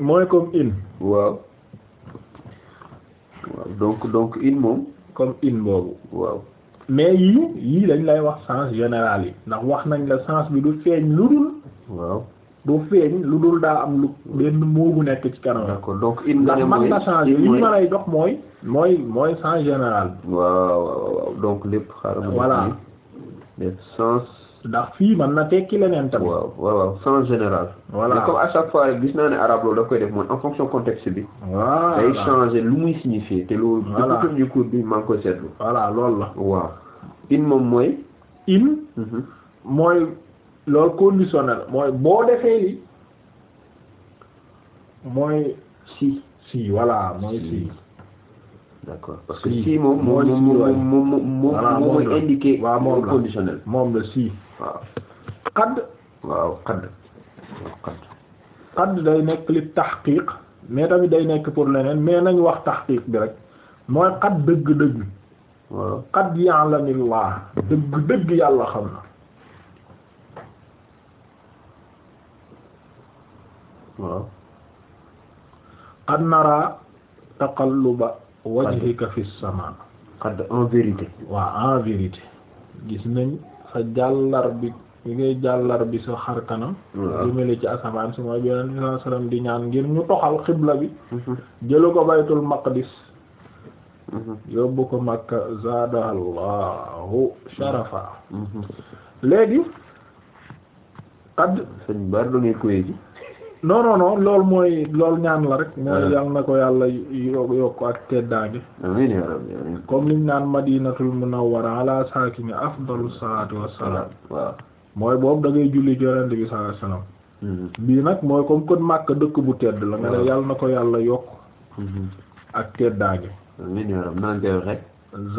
A: mooy comme in. waaw. donc donc in moom comme in boobu waaw mais yii yii dañ lay wax sens général yi ndax wax nañ la sens bi du feeñ lu dul waaw du feeñ lu dul daa am lu benn moo bu nekk ci kanam ko donc in ndax man na sens yi ñu ma lay dox mooy mooy mooy sens général waaw waaw donc lépp xaaral voilà les sens ndax fii man na tekki leneen tamit. waaw waaw sans général. voilà mais comme à chaque fois rek gis naa ne arabe loolu da koy def mooy en fonction contexte bi. voilà day changer lu muy signifier te loolu. voilà depuis premier cours bi maa ngi koy seetlu. voilà loolu la. waaw in moom mooy. in. Mhm. mooy loolu conditionnel mooy boo defee li mooy. si si voilà mooy si. d'accord parce que si moom la conditionnel moom day nekk li taxqiq mais tamit day nekk pour leneen mais nañ wax taxqiq bi rek mooy xadd dëgg-dëgg. waaw xadd ya'lamillah dëgg-dëgg yàlla xam na. waaw. xad naraa wajhika fi samaa qad en vérité waaw en vérité gis nañ sa jàllar bi li ngay jàllar sa xar ci asamaan si mooy di ñaan ngir ñu toxal xibla bi mhm. jëlu ko baytul maqdis mhm. yóbbu ko makka zaada allahu sharafa mhm. léegi qad non non non loolu mooy lool ñaan la rek. mooy ah. yal na ko yàlla yokk ak teddaange. amiin comme liñ naan madinatul munawwara ala saakini afdalu salaatu wassalaam. waaw mooy boobu da ngay julli Yonent bi sallallahu alayhi mm-hmm. bii nag mooy comme kon Makka dëkk bu tedd la. nga ne yal na ko yàlla yokk. Mm-hmm. ak teddaange. amiin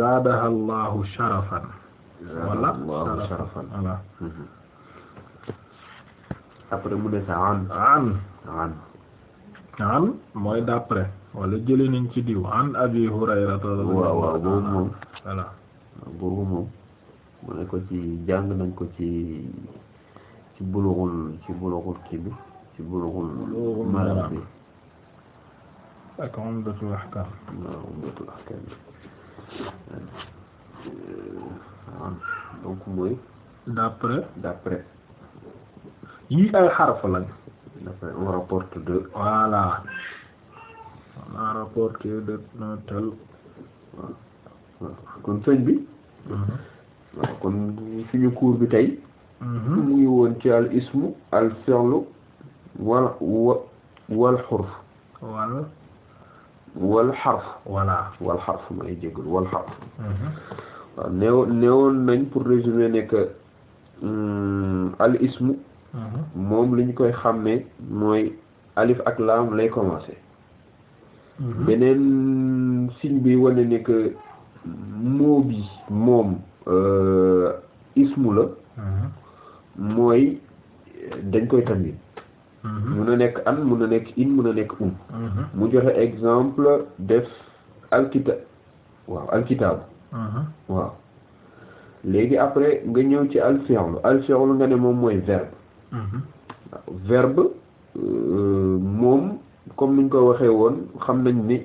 A: zaadaha Allahu sharafan. zaadaha Allahu après mu des an an an an mooy d'après wala jëli nañ ci diw an abi hurayra waaw waaw boobu moom boobu
B: moom mu ne ko ci jàng nañ ko ci ci bulughul ci bulughul kii bi ci bulughul maram bi
A: euh, mooy d'après d'après yii ay xaraf lañ dafay on de voilà on a rapporté de tel kon sëñ bi mhm. waaw kon suñu cours bi tey mhm. mu ngi ci al ismu al fi'lu wal wal wal
B: wal xarf wal xarf ma ngi jégul wal xarf mhm. waaw néew néewoon nañ pour résumer nekk hmm, al ismu moom li ñu koy xàmmee mooy alif ak laam lay commencer mhm.
A: beneen signe bi wane ne nekk moo bi moom euh, ismu la mhm. mooy dañ koy tanwin mhm. mun na nekk an mun a nekk in mun a nekk um mu joxe exemple def alkita waaw alkitaabu waaw léegi après nga ñëw ci alfi'lu alfi'lu nga ne moom mooy verbe
B: Euh, verbe euh, moom comme ni ñu ko waxee woon xam nañ ni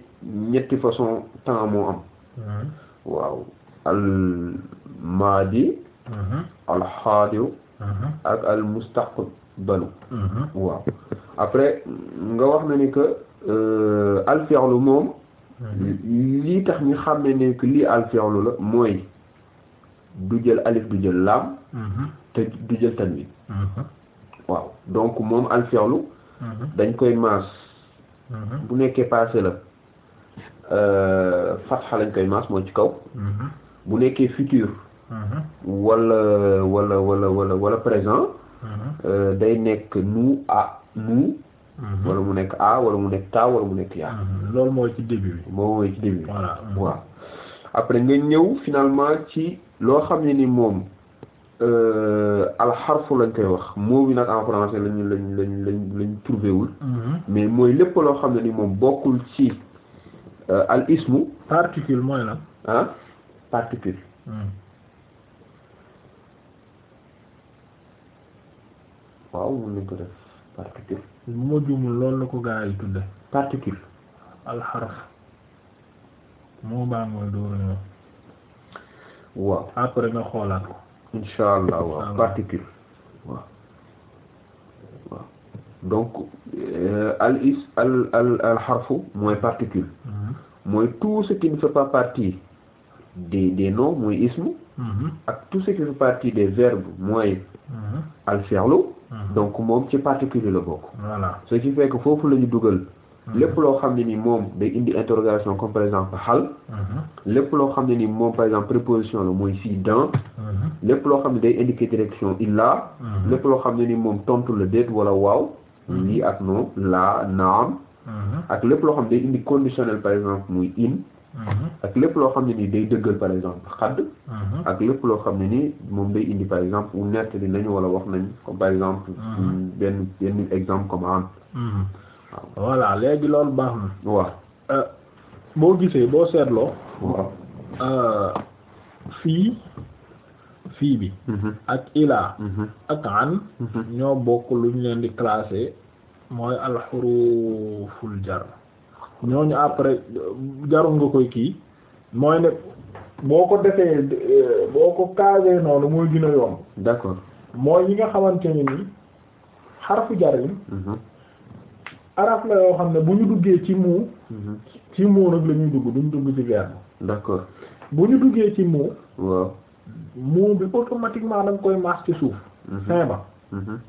A: ñetti façon temps moo am mm-hmm. waaw al maadi mm-hmm. al haadiru mm-hmm. ak al mustaqbalu
B: waaw après nga wax na ni que euh, al fi'lu moom
A: lii tax ñu xam ne ni lii al fi'lu la mooy du jël alif du jël laam te du jël tanwin waaw donc moom alfi'lu mhm. dañ koy maas mhm. bu nekkee passé la euh, fatxa lañ koy maas moo ci kaw mhm. bu nekkee futur
B: wala walla walla wala wala présent euh, day nekk nu a nu
A: wala mu nekk a wala mu nekk ta wala mu nekk yaa loolu mooy ci début bi moom mooy ci début waaw après nga ñëw finalement ci loo xam ne ni moom Euh, alxarfu lañ koy wax moo bi nag en français lañ lañ lañ lañ lañ trouvé wul. Mhm. mais mooy lépp loo xam ne ni moom bokkul ci euh, al ismu. particule mooy lan. ah particule. Mhm. waaw mën nañ ko def particule. bu ma juumul loolu la ko gaa yi tudde particule. alxarf moo baa mooy dóoruñoo. waaw après nga xoolaat ko. incha allah waaw particule waaw
B: waaw donc euh, al is al al al xarfu mooy particule mhm.
A: mooy tout ce qui ne fait pas partie des des noms mooy ismu mhm. ak tout ce qui fait partie des verbes mooy mhm. al fi'lu donc moom ci particule la bokk voilà ce qui fait que foofu la dugal Hmm. lépp loo xam ne ni moom day indi
B: interrogation comme par exemple xal hmm. lépp loo xam ne ni moom par exemple préposition la mooy sii dans
A: hmm. lépp loo xam ne day indiquer direction illa lépp loo xam ne ni moom tontu la déet wala waaw lii ak non laa naam ak lépp loo xam ne day indi conditionnel par exemple muy in ak lépp loo xam ne nii day dëggal par exemple xadd
B: ak lépp loo xam ne nii moom day indi par exemple u nettali nañu wala wax nañ comme par exemple benn benn exemple
A: voilà léegi loolu baax na. waaw. Euh, boo gisee boo seetloo. Euh, fii fii bi. Mhm. ak ilaa. Mhm. ak an. Mhm. ñoo bokk lu ñu leen di classé mooy alxuruful jar ñooñu après jarul nga koy kii mooy ne boo ko defee euh, boo ko casé noonu mooy gën a yomb. mooy yi nga xamante ne ni xarfu jar yi. arab la yoo xam ne bu ñu duggee ci muu mhm. ci muu nag la dugg duñ dugg ci verbe d'accord bu ñu duggee ci muu waaw muu bi automatiquement da koy maas ci suuf mhm. fin ba mhm.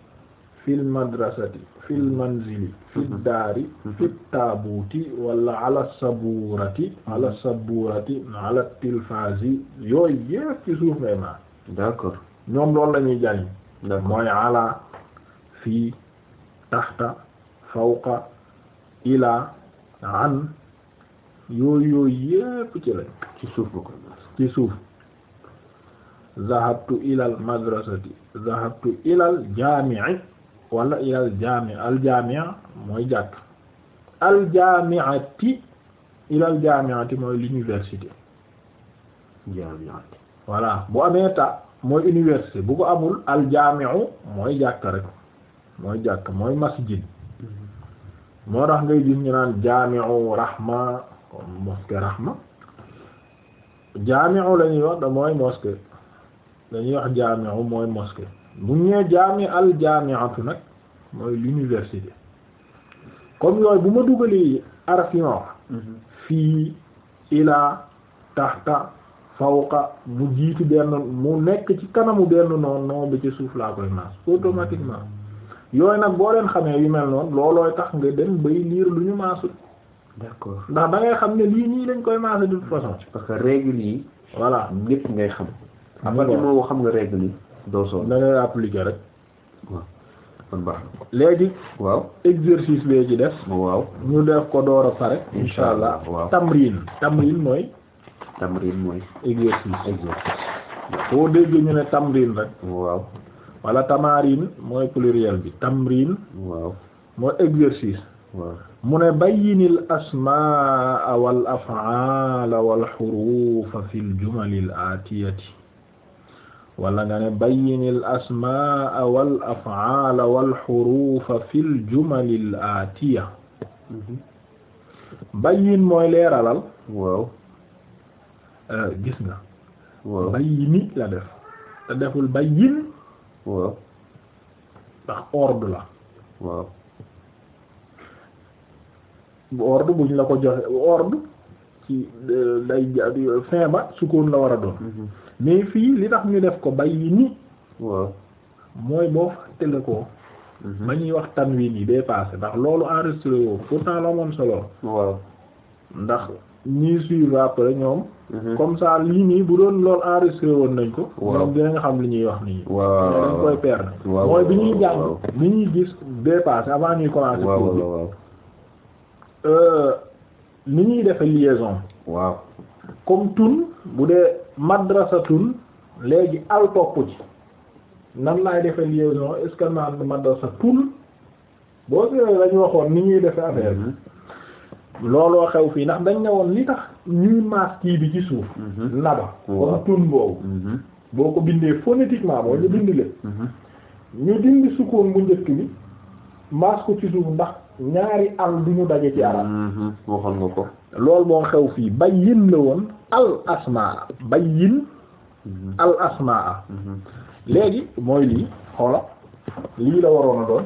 A: fil madrasati fil manzili fil daari fil taabuuti wala ala sabuurati ala sabuurati ala tilfazi yooyu yëpp ci suuf ngay maas d'accord ñoom loolu la ñuy mooy ala fii taxta fawqa ilaa an yooyu yépp ci lañ ci suuf ko ci suuf zahabtu ilal madrasati zahabtu ilal jaami'i wala ilal jaami al mooy jàkk al jaami'ati ilal mooy l'université jaami'ati bu amee ta mooy université bu ko amul al mooy jàkk rek mooy jàkk mooy masjid moo tax ngay gis ñu naan jaami'u rahma comme mosquée rahma jaami'u la ñuy wax da mooy dañuy wax jaami'u mooy mosquée bu ñu nee jaami al jaami'atu nag mooy l'université comme yooyu bu ma dugalee araf mhm. fii ilaa tahta fawqa mu jiitu benn mu nekk ci kanamu benn noon noonu ba ci suuf laa koy maas mhm. automatiquement yooyu nag boo leen xamee yi mel noonu loolooy tax nga dem bay liir lu ñu maasul. d'accord ndax da xam ne lii ñii dañ koy maase du toute façon. parce que règle yi. voilà lépp ngay xam. am na moo xam nga règle yi. doo soog da ngay rek. waaw kon baax na. léegi. waaw exercice bee ci def. waaw ñu def ko door a pare. incha allah waaw tamrin. tamrin mooy. tamrin mooy. exercice exercice. boo déggee ñu ne tamrin rek. waaw. wala tamarin mooy pluriel bi tamrin waaw mooy exercice waaw mu ne bayyinil asmaa wal af'aal wal xuruufa fil jumalil aatiyati wala nga ne bayyinil asmaa wal af'aal wal xuruufa fil jumalil aatiya mhm. bayyin mooy leeralal waaw euh, gis nga bayyi ni la def te deful bayyin ndax ordre la waaw ordre buñ la ko joxe ordre ci day fin ba sukkoon la war a doon mhm. mais fii li tax ñu def ko bay yi ni waaw mooy boo fàttale ko mhm. ba ñuy wax tanwin yi day passé ndax loolu enregistré woo pourtant moom solo waaw ndax ñii suivre après ñoom. Mhm. comme sa lii nii bu doon lool enregistré woon nañ ko. waaw ñoom dinañ xam li ñuy wax nii. waaw mais bi ñuy jàng bi ñuy gis dépassé avant ñuy commencer. waaw waaw euh, ni ñuy defe liaison. waaw comme tun bu dee madrasa tun léegi al topp ci nan laay defe liaison est-ce que naan madrasa tun boo seetlee dañu waxoon ni ñuy defe affaire bi. Mhm. looloo xew fii ndax dañ ne woon li tax ñuy maas kii bi ci suuf mhm. naba comme tun boobu mhm. boo ko bindee phonétiquement mooy ñu bind lépp mhm. ñu dindi sukkoon bu njëkk bi maas ko ci suuf ndax ñaari al du ñu daje ci arab waxoon nga ko loolu moo xew fii bayyin la woon al asmaa bayyin al asmaa léegi mooy lii xoola lii la waroon a doon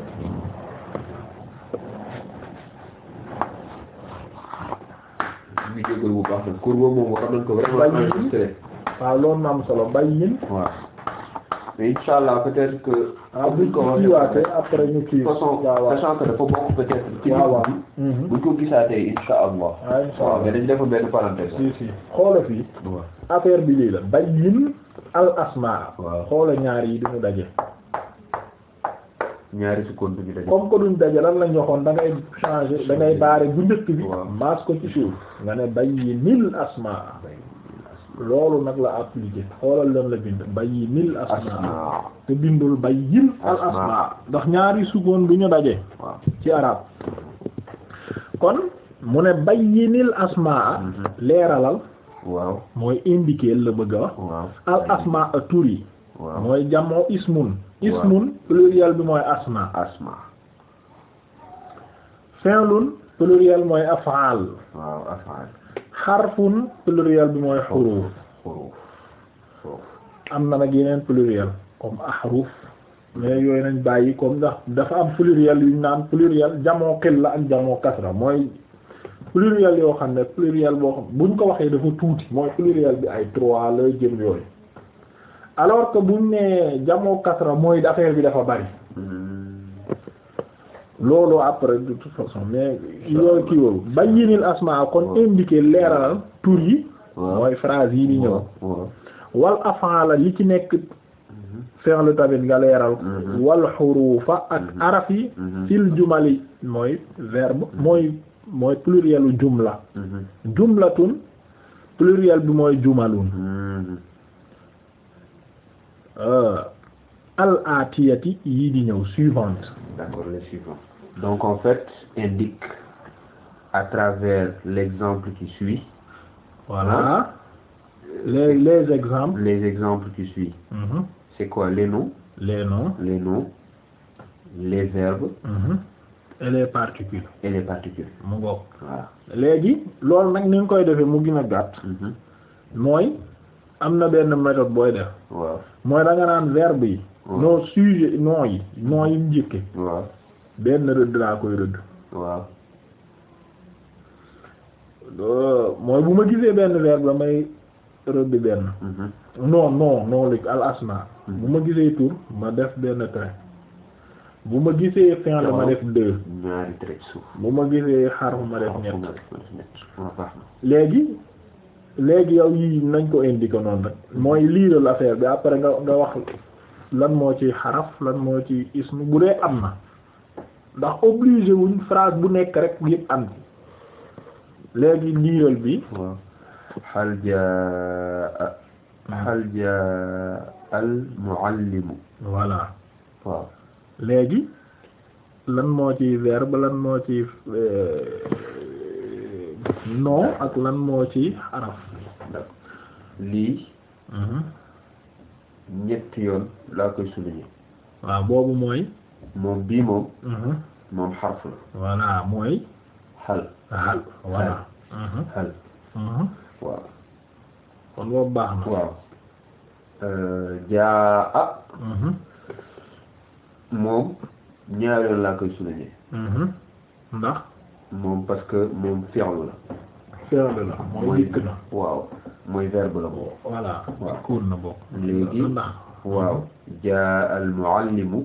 A: ñu ko solo bàyyi waaw. mais gisaatee incha allah. waaw ah, incha allah waaw mais benn parenthèse. si si xoola fii. affaire bi lii la bayyin al asmaa. waaw xoola ñaar yi du mu daje.
B: ñaari sukkoon bi comme
A: que duñ daje lan lañ waxoon da ngay changer dangay ngay baare bu njëkk bi. maas ko ci suuf. nga ne bayyi mil asmaa. loolu nag la appliqué. xoolal lan la bind bayyi mil asmaa. te bindul bayyil al asmaa. ndax ñaari sukkoon du ñu daje. ci arab kon mu ne bayyinil asmaa. Mhm. leeralal. mooy indiquer la bëgg a wax. al asmaa yi. mooy jamoo ismun ismun pluriel bi mooy asma asma fi'lun pluriel mooy af'al waaw xarfun pluriel bi mooy xuruf xuruf am na nag yeneen pluriel comme ahruf mais yooyu nañ bàyyi comme ndax dafa am pluriel yu ñu naan pluriel jamoo qilla ak jamoo kasra mooy pluriel yoo xam ne pluriel boo xam buñ ko waxee dafa tuuti mooy pluriel bi ay trois la jëm yooyu alors que buñ ne jamoo kasra mooy affaire bi dafa bari loolu après de toute façon mais yooyu kii woowu bayyinil asmaa kon indiquer leeralal tur yi mooy phrase yi di ñëw wal af'ala li ci nekk mm-hmm. fi'l tamit nga leeral mm-hmm. wal xurufa ak mm-hmm. araf yi fil jumali mooy verbe mooy mooy plurielu jumla jumlatun pluriel bi mooy jumalun Euh, al atiyati yii di ñëw suivante. d'accord le suivant donc en fait indique à travers l'exemple
B: qui suit. voilà les les exemples. les exemples qui suivent. Mm-hmm. c'est quoi les noms. les noms les noms les verbes.
A: Mm-hmm. et les particules. et les particules. mu bokk voilà léegi loolu nag ni nga koy defee mu gën a gàtt. Mm-hmm. mooy. am na benn méthode booy def. waaw mooy da naan verbe yi. non sujet non yi non yi mu njëkke benn rëdd laa koy rëdd. Euh, mooy bu ma gisee benn verbe may rëdd benn. Mhm. non non non li al asma. Mhm. bu ma gisee tur ma def benn trait. bu ma gisee fin ma def deux. bu ma gisee xarf ma def
B: ñett.
A: léegi. léegi yow yii nañ ko indi ko noonu rek mooy liiral affaire bi après nga nga wax lan moo ci xaraf lan moo ci ismu bu dee am na ndax obligé wuñ phrase bu nekk rek yëpp am léegi liiral bi hal jaa hal jaa al muallimu voilà waaw léegi lan moo ci verbe lan moo ci euh, non ak lan moo ci araf lii mhm. ñetti yoon laa koy souligner waaw boobu mooy moom bii moom mhm. moom xarf la voilà mooy xal ah, xal voilà xal mhm. waaw kon boobu baax na waaw euh, jaa a ah. moom ñaari yoon laa koy souligner ndax
B: moom parce que moom fi'l la
A: fi'l la mooy
B: waaw mooy verbe la boobu
A: voilà waaw kuur na boobu léegi waaw jaa al mhm.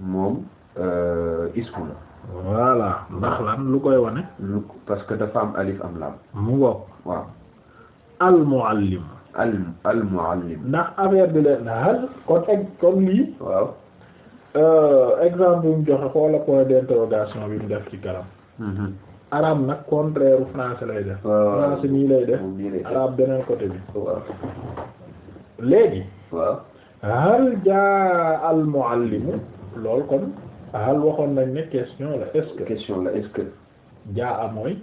A: moom euh, ismu la ndax lan lu koy wane parce que dafa am alif am lam mu ngoog waaw al muallim al al muallim ndax affaire bi leen hal kon eg kon lii waaw euh, exemple mu joxe xoola point d'interrogation bi mu def ci kanam mhm. arabe nag contraire français lay def. français nii lay def. arabe beneen côté bi. léegi. waaw hal jaa al muallimu lool kon hal waxoon nañ ne question la est-ce que. question la est-ce que. jaa mooy.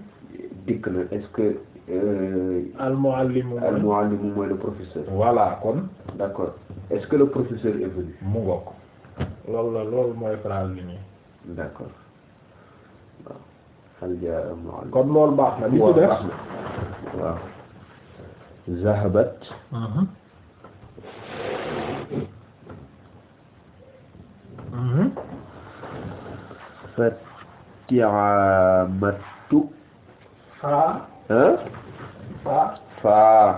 A: dikk na est-ce que. Euh, al muallimu al muallimu mooy le professeur. voilà kon. d'accord est-ce que le professeur est mu bokk loolu la loolu mooy phrase nii. d'accord kon loolu baax na li ci def waaw zahabat
B: mhm. mhm. fatiamatu faa faa faa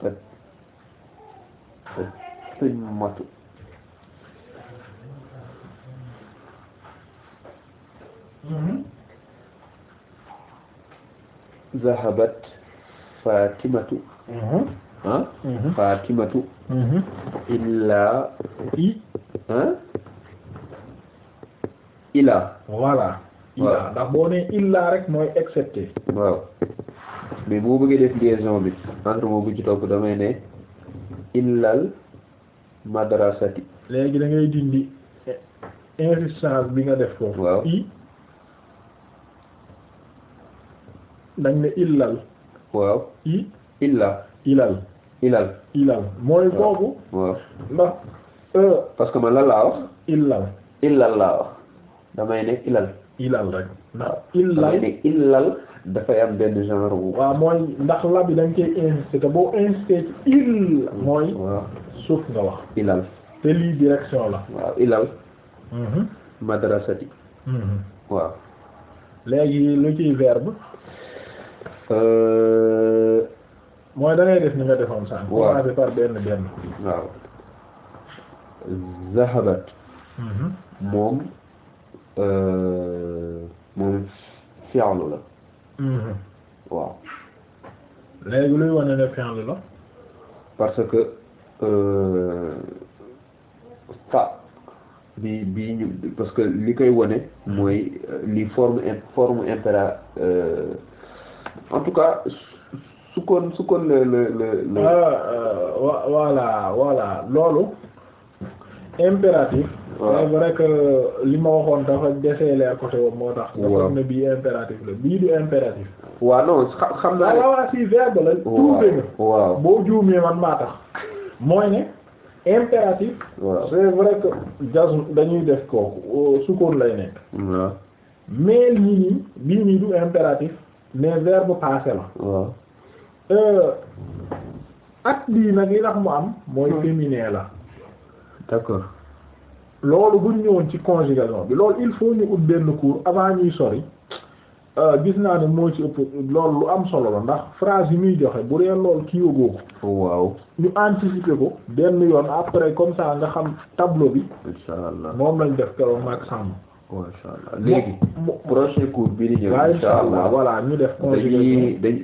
B: fatiamatu Mhm. zahabat fatimatu
A: ah fatimatu illa i ah ila voilà ila ndax boo rek mooy excepté
B: waaw mais boo bëggee def liaison bi entre moo bu ci
A: topp damay ne illal madrasati léegi da ngay dindi insistance bi nga def ko waaw i dañ ne illal waaw i illa ilal ilal ilal mooy foofu waaw ndax e. parce que man lan laa wax illal illal laa wax damay ne ilal ilal rek ndax illal ne illal dafay am benn genre bu waaw mooy ndax la bi dañ koy boo insisté il mooy suuf nga wax ilal te lii direction la waaw ilal mhm. madrasati mhm. waaw léegi lu ciy verbe Euh, mooy da ngay def ni nga defoon sànq. waaw commencé par benn benn.
B: waaw. zahabat. Mhm. moom euh, moom fi'lu la. Mhm. waaw.
A: léegi luy wane ne fi'lu la.
B: parce que ta euh, bi bi ñu parce que li koy wone mhm. mooy li forme forme impéra
A: en tout cas sukkoon sukkoon le le le. Ah, euh, voilà voilà loolu. impératif. c'est vrai que li ma waxoon dafa desee leer côté boobu moo tax. dafa ne bii bii du impératif. waaw non xam naa. alors si verbe la. waaw waaw boo juumee man maa tax. mooy ne. impératif. waaw c'est vrai que dañuy def kooku euh, sukkoon lay nekk. mais lii nii bii nii du impératif. mais verbe passé la. waaw. Euh, at bii nag li tax mu am. mooy hmm. féminin la. d'accord. loolu bu ñëwoon ci conjugaison bi lool il faut ñu ut benn cours avant ñuy sori euh, gis naa ne moo ci ëpp lool lu am solo la ndax phrase yi muy joxe bu dee loolu kii yóbboo ko. waaw ñu anticiper ko. benn yoon après comme ça nga xam tableau bi. incha allah moom lañ def keroog mag sàmm. macha allah léegi. prochain cours bi di ñëw. incha allah voilà ñu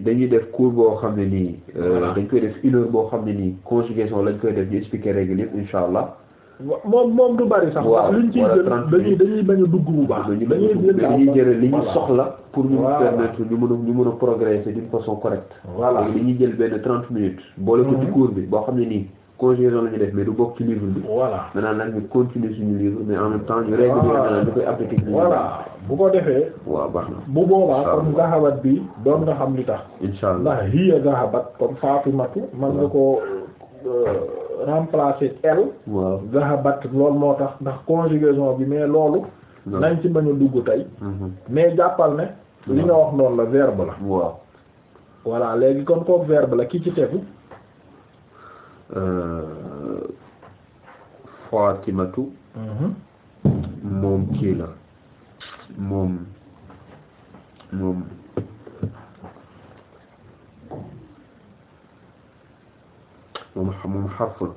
A: dañuy def cours boo xam ne nii. Euh, dañ koy def une boo xam ne nii conjugation lañ koy def di expliquer règle yëpp incha allah. moom moom du bari sax. waaw luñ ciy jël dañuy dañuy dugg bu baax. dañuy dañuy jël li ñu soxla. pour ñu permettre ñu mën a ñu mën a progresser d'une façon correcte. voilà benn trente minutes. boole ko ci mhm. cours bi boo xam ne nii. conjugaison la def mais du bokk ci livre bi. voilà maintenant nag ñu continuer suñu livre mais en même temps ñu règle bi nga xam koy appliquer. voilà ko defee. waaw baax na bu boobaa comme zahabat bi doon nga xam li tax. incha allah ndax hiya zahabat comme Fatimatu man nga ko euh, remplacer el waaw zahabat loolu moo tax ndax conjugaison bi mais loolu. nañ ci bañ a dugg tey. Mhm. mais jàppal ne. li nga wax noonu la verbe la. waaw léegi kon kooku verbe la ki ci tegu. Euh, Fatimatu
B: mm-hmm. moom kii la moom moom moom moom xarf la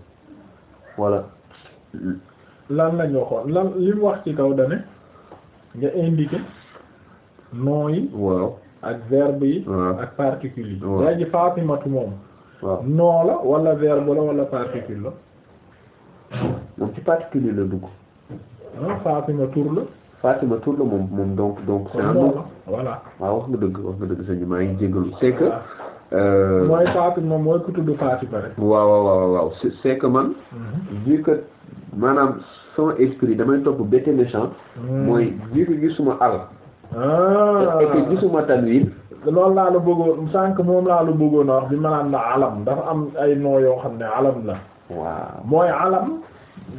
B: walla
A: lan lañu waxoon lan li mu wax ci kaw dane nga indiquer nom waaw ak verbe yi ak particule yi daa ji Fatimatu moom waaw non la wala verbe la wala particule la. moom ci particule la dugg. ah Fatima tur la. Fatima tur la moom moom donc donc. c'est un waaw
B: wax nga dëgg wax nga dëgg sëñ maa ngi jégalu c'est que. Euh, mooy
A: moom mooy ku tudd Fatima rek. waaw waaw waaw waaw c'est que man. Mhm. vu que maanaam sama esprit damay topp bête méchant. Mhm. mooy vu que gisuma àll. Ah. est-ce que gisuma tanwin loolu laa la bëggoon sànq moom laa la bëggoon a wax bi ma naan la alam dafa am ay noo yoo xam ne alam la waaw mooy alam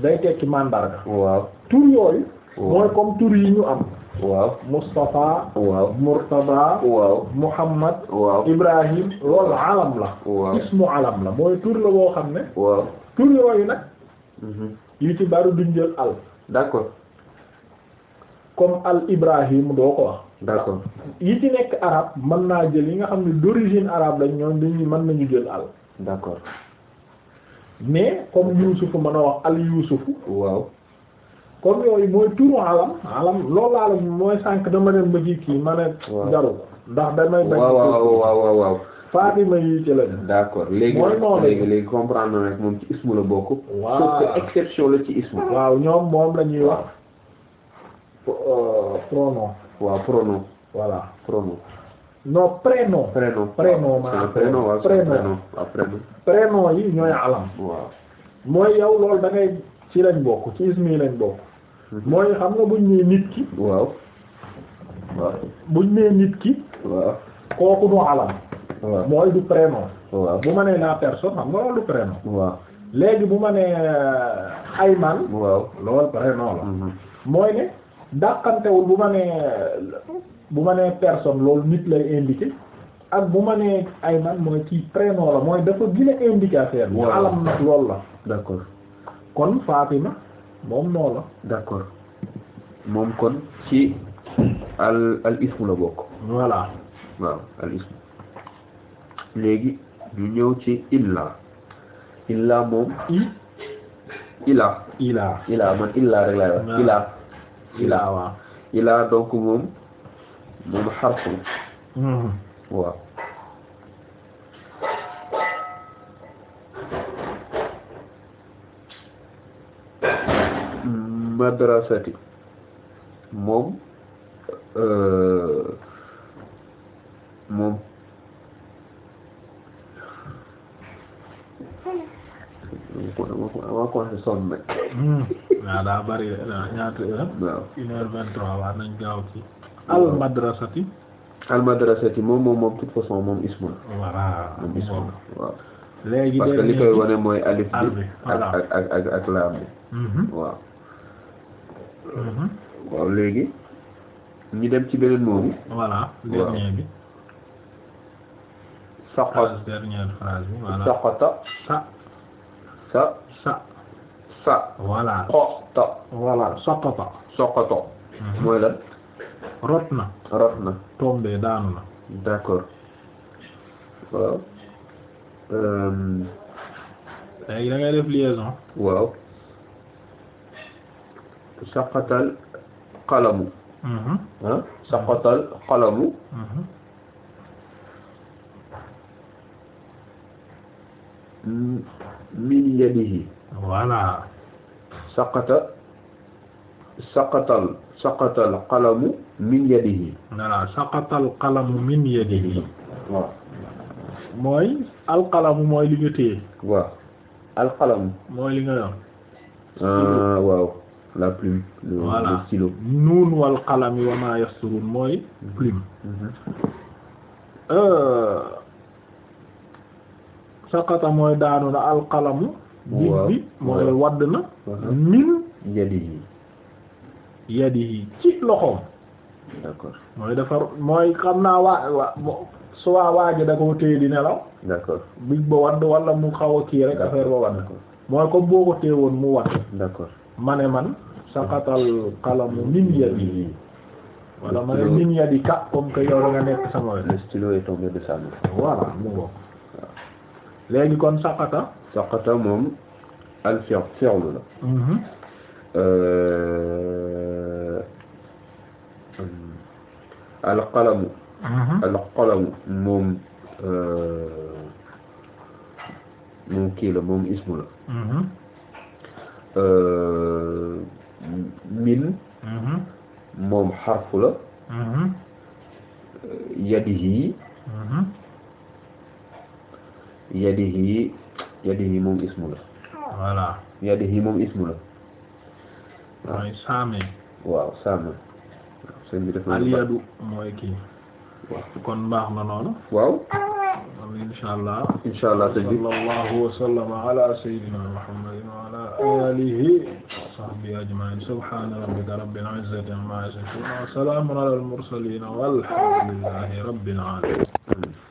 A: day tekki mandarga waaw tur yooyu mooy comme tur yi ñu am waaw Moustapha. waaw Murtada. waaw Muhammad. Ibrahim. loolu alam la. waaw ismu alam la mooy tur la boo xam ne. waaw tur yooyu nag. Mhm. yu ci bari duñ jël al. d'accord comme al ibrahim doo ko wax d'accord yi ci nekk arab mën naa jël yi nga xam ne d'origine araab lañ ñoom dañuy mën nañu jël al d'accord mais comme yuusufu mën a wax al yuusufu waaw comme yooyu mooy turu alam alam loolu alam mooy sànq dama dem ba ci kii ma ne jaru ndax damay bañ waaw waaw waaw Fatima yi ci la léegi léegi léegi comprendre na moom ci ismu waaw ñoom moom la wax pronom. waaw eh, pronom. voilà pronom. non prénom. prénom prénom ma prénom prénom prénom ñooy alam. mooy yow loolu dagay ci lañ bokk ci mi lañ bokk. Mhm. mooy xam nga buñ nee nit ki. waaw. waaw nit ki. waaw kooku du alam. waaw mooy du prénom. bu ma nee la personne xam nga loolu du bu ma nee euh, Ayman. waaw loolu prénom mhm. mooy ne. dàqantewul bu ma nee bu ma nee personne loolu nit lay indiqué ak bu ma nee ay man mooy ci prénom la mooy dafa gën a indiqué affaire bi. alam nag loolu la. d'accord kon Fatima moom noo la. d'accord moom kon ci al al ismu la bokk. voilà waaw al ismu léegi ñu ñëw ci illa illa moom. i ila ila ila man illa rek laay wax ila ilaa waaw ilaa donc moom moom xarfu hmm. waaw
B: madrasati moom euh, moom ma commencé sonn nag.
A: waaw daa bari de ñaata heure. waaw une heure vingt trois waaw nañ gaaw ci. al madrasati. al madrasati moom moom moom toute façon moom ismu la. voilà moom ismu la waaw. léegi parce que li koy wane mooy alif bi ak ak ak ak laam bi. Mhm. waaw. Mhm. waaw léegi. ñu dem ci beneen moomu. voilà dernier bi. saqata dernière phrase bi voilà saqata. sa sa sa voilà xota voilà soqota soqoto mhm. mooy lan rot na rot na tombé d'accord waaw ehm. léegi da ngay def liaison waaw
B: saqatal qalamu ah saqatal qalamu
A: mhm. hmm. min yadihi voilà saqata saqatal saqatal qalamu min yadihi voilà saqatal qalamu min yadihi waaw mooy alqalamu mooy li nga téye waaw alqalamu mooy li nga yor ah,
B: waaw la plume
A: le, voilà. wal qalami wa ma yasturun mooy plume mhm. euh, saqata mooy daanu na alqalamu biig bi mooy wadd na uh-huh. min yadihi yadihi ci loxoom mooy dafa mooy xam naa waa waa su waa waaji da ko téye di nelaw biig ba wadd wala mu xaw a kii rek affaire ba wadd mooy comme boo ko téewoon mu wadd d'accord ma ne man saqatal qalamu min yadihi wala ma ne min yadika comme que yow nga nekk sama wet le sa main voilà mu bokk léegi kon saqata saqata moom al fi'l fi'lu la
B: mhm. euh, al qalamu mhm. al qalamu moom euh, moom kii la moom ismu la mhm. euh,
A: min moom xarfu la yadihi yadihi
B: yadihi moom ismu la. voilà yadihi moom ismu la. mooy saame. waaw saame. sëñ bi def na aliyadu
A: mooy kii. waaw kon baax na noonu. waaw. incha allah. incha allah sëñ bi sallallahu wa sallama ala sayyidina muhammadin wa ala alihi wa sahbihi ajma'in subhana rabbika rabbil izzati amma yasifun wa salamun ala al mursalin walhamdulillahi rabbil alamin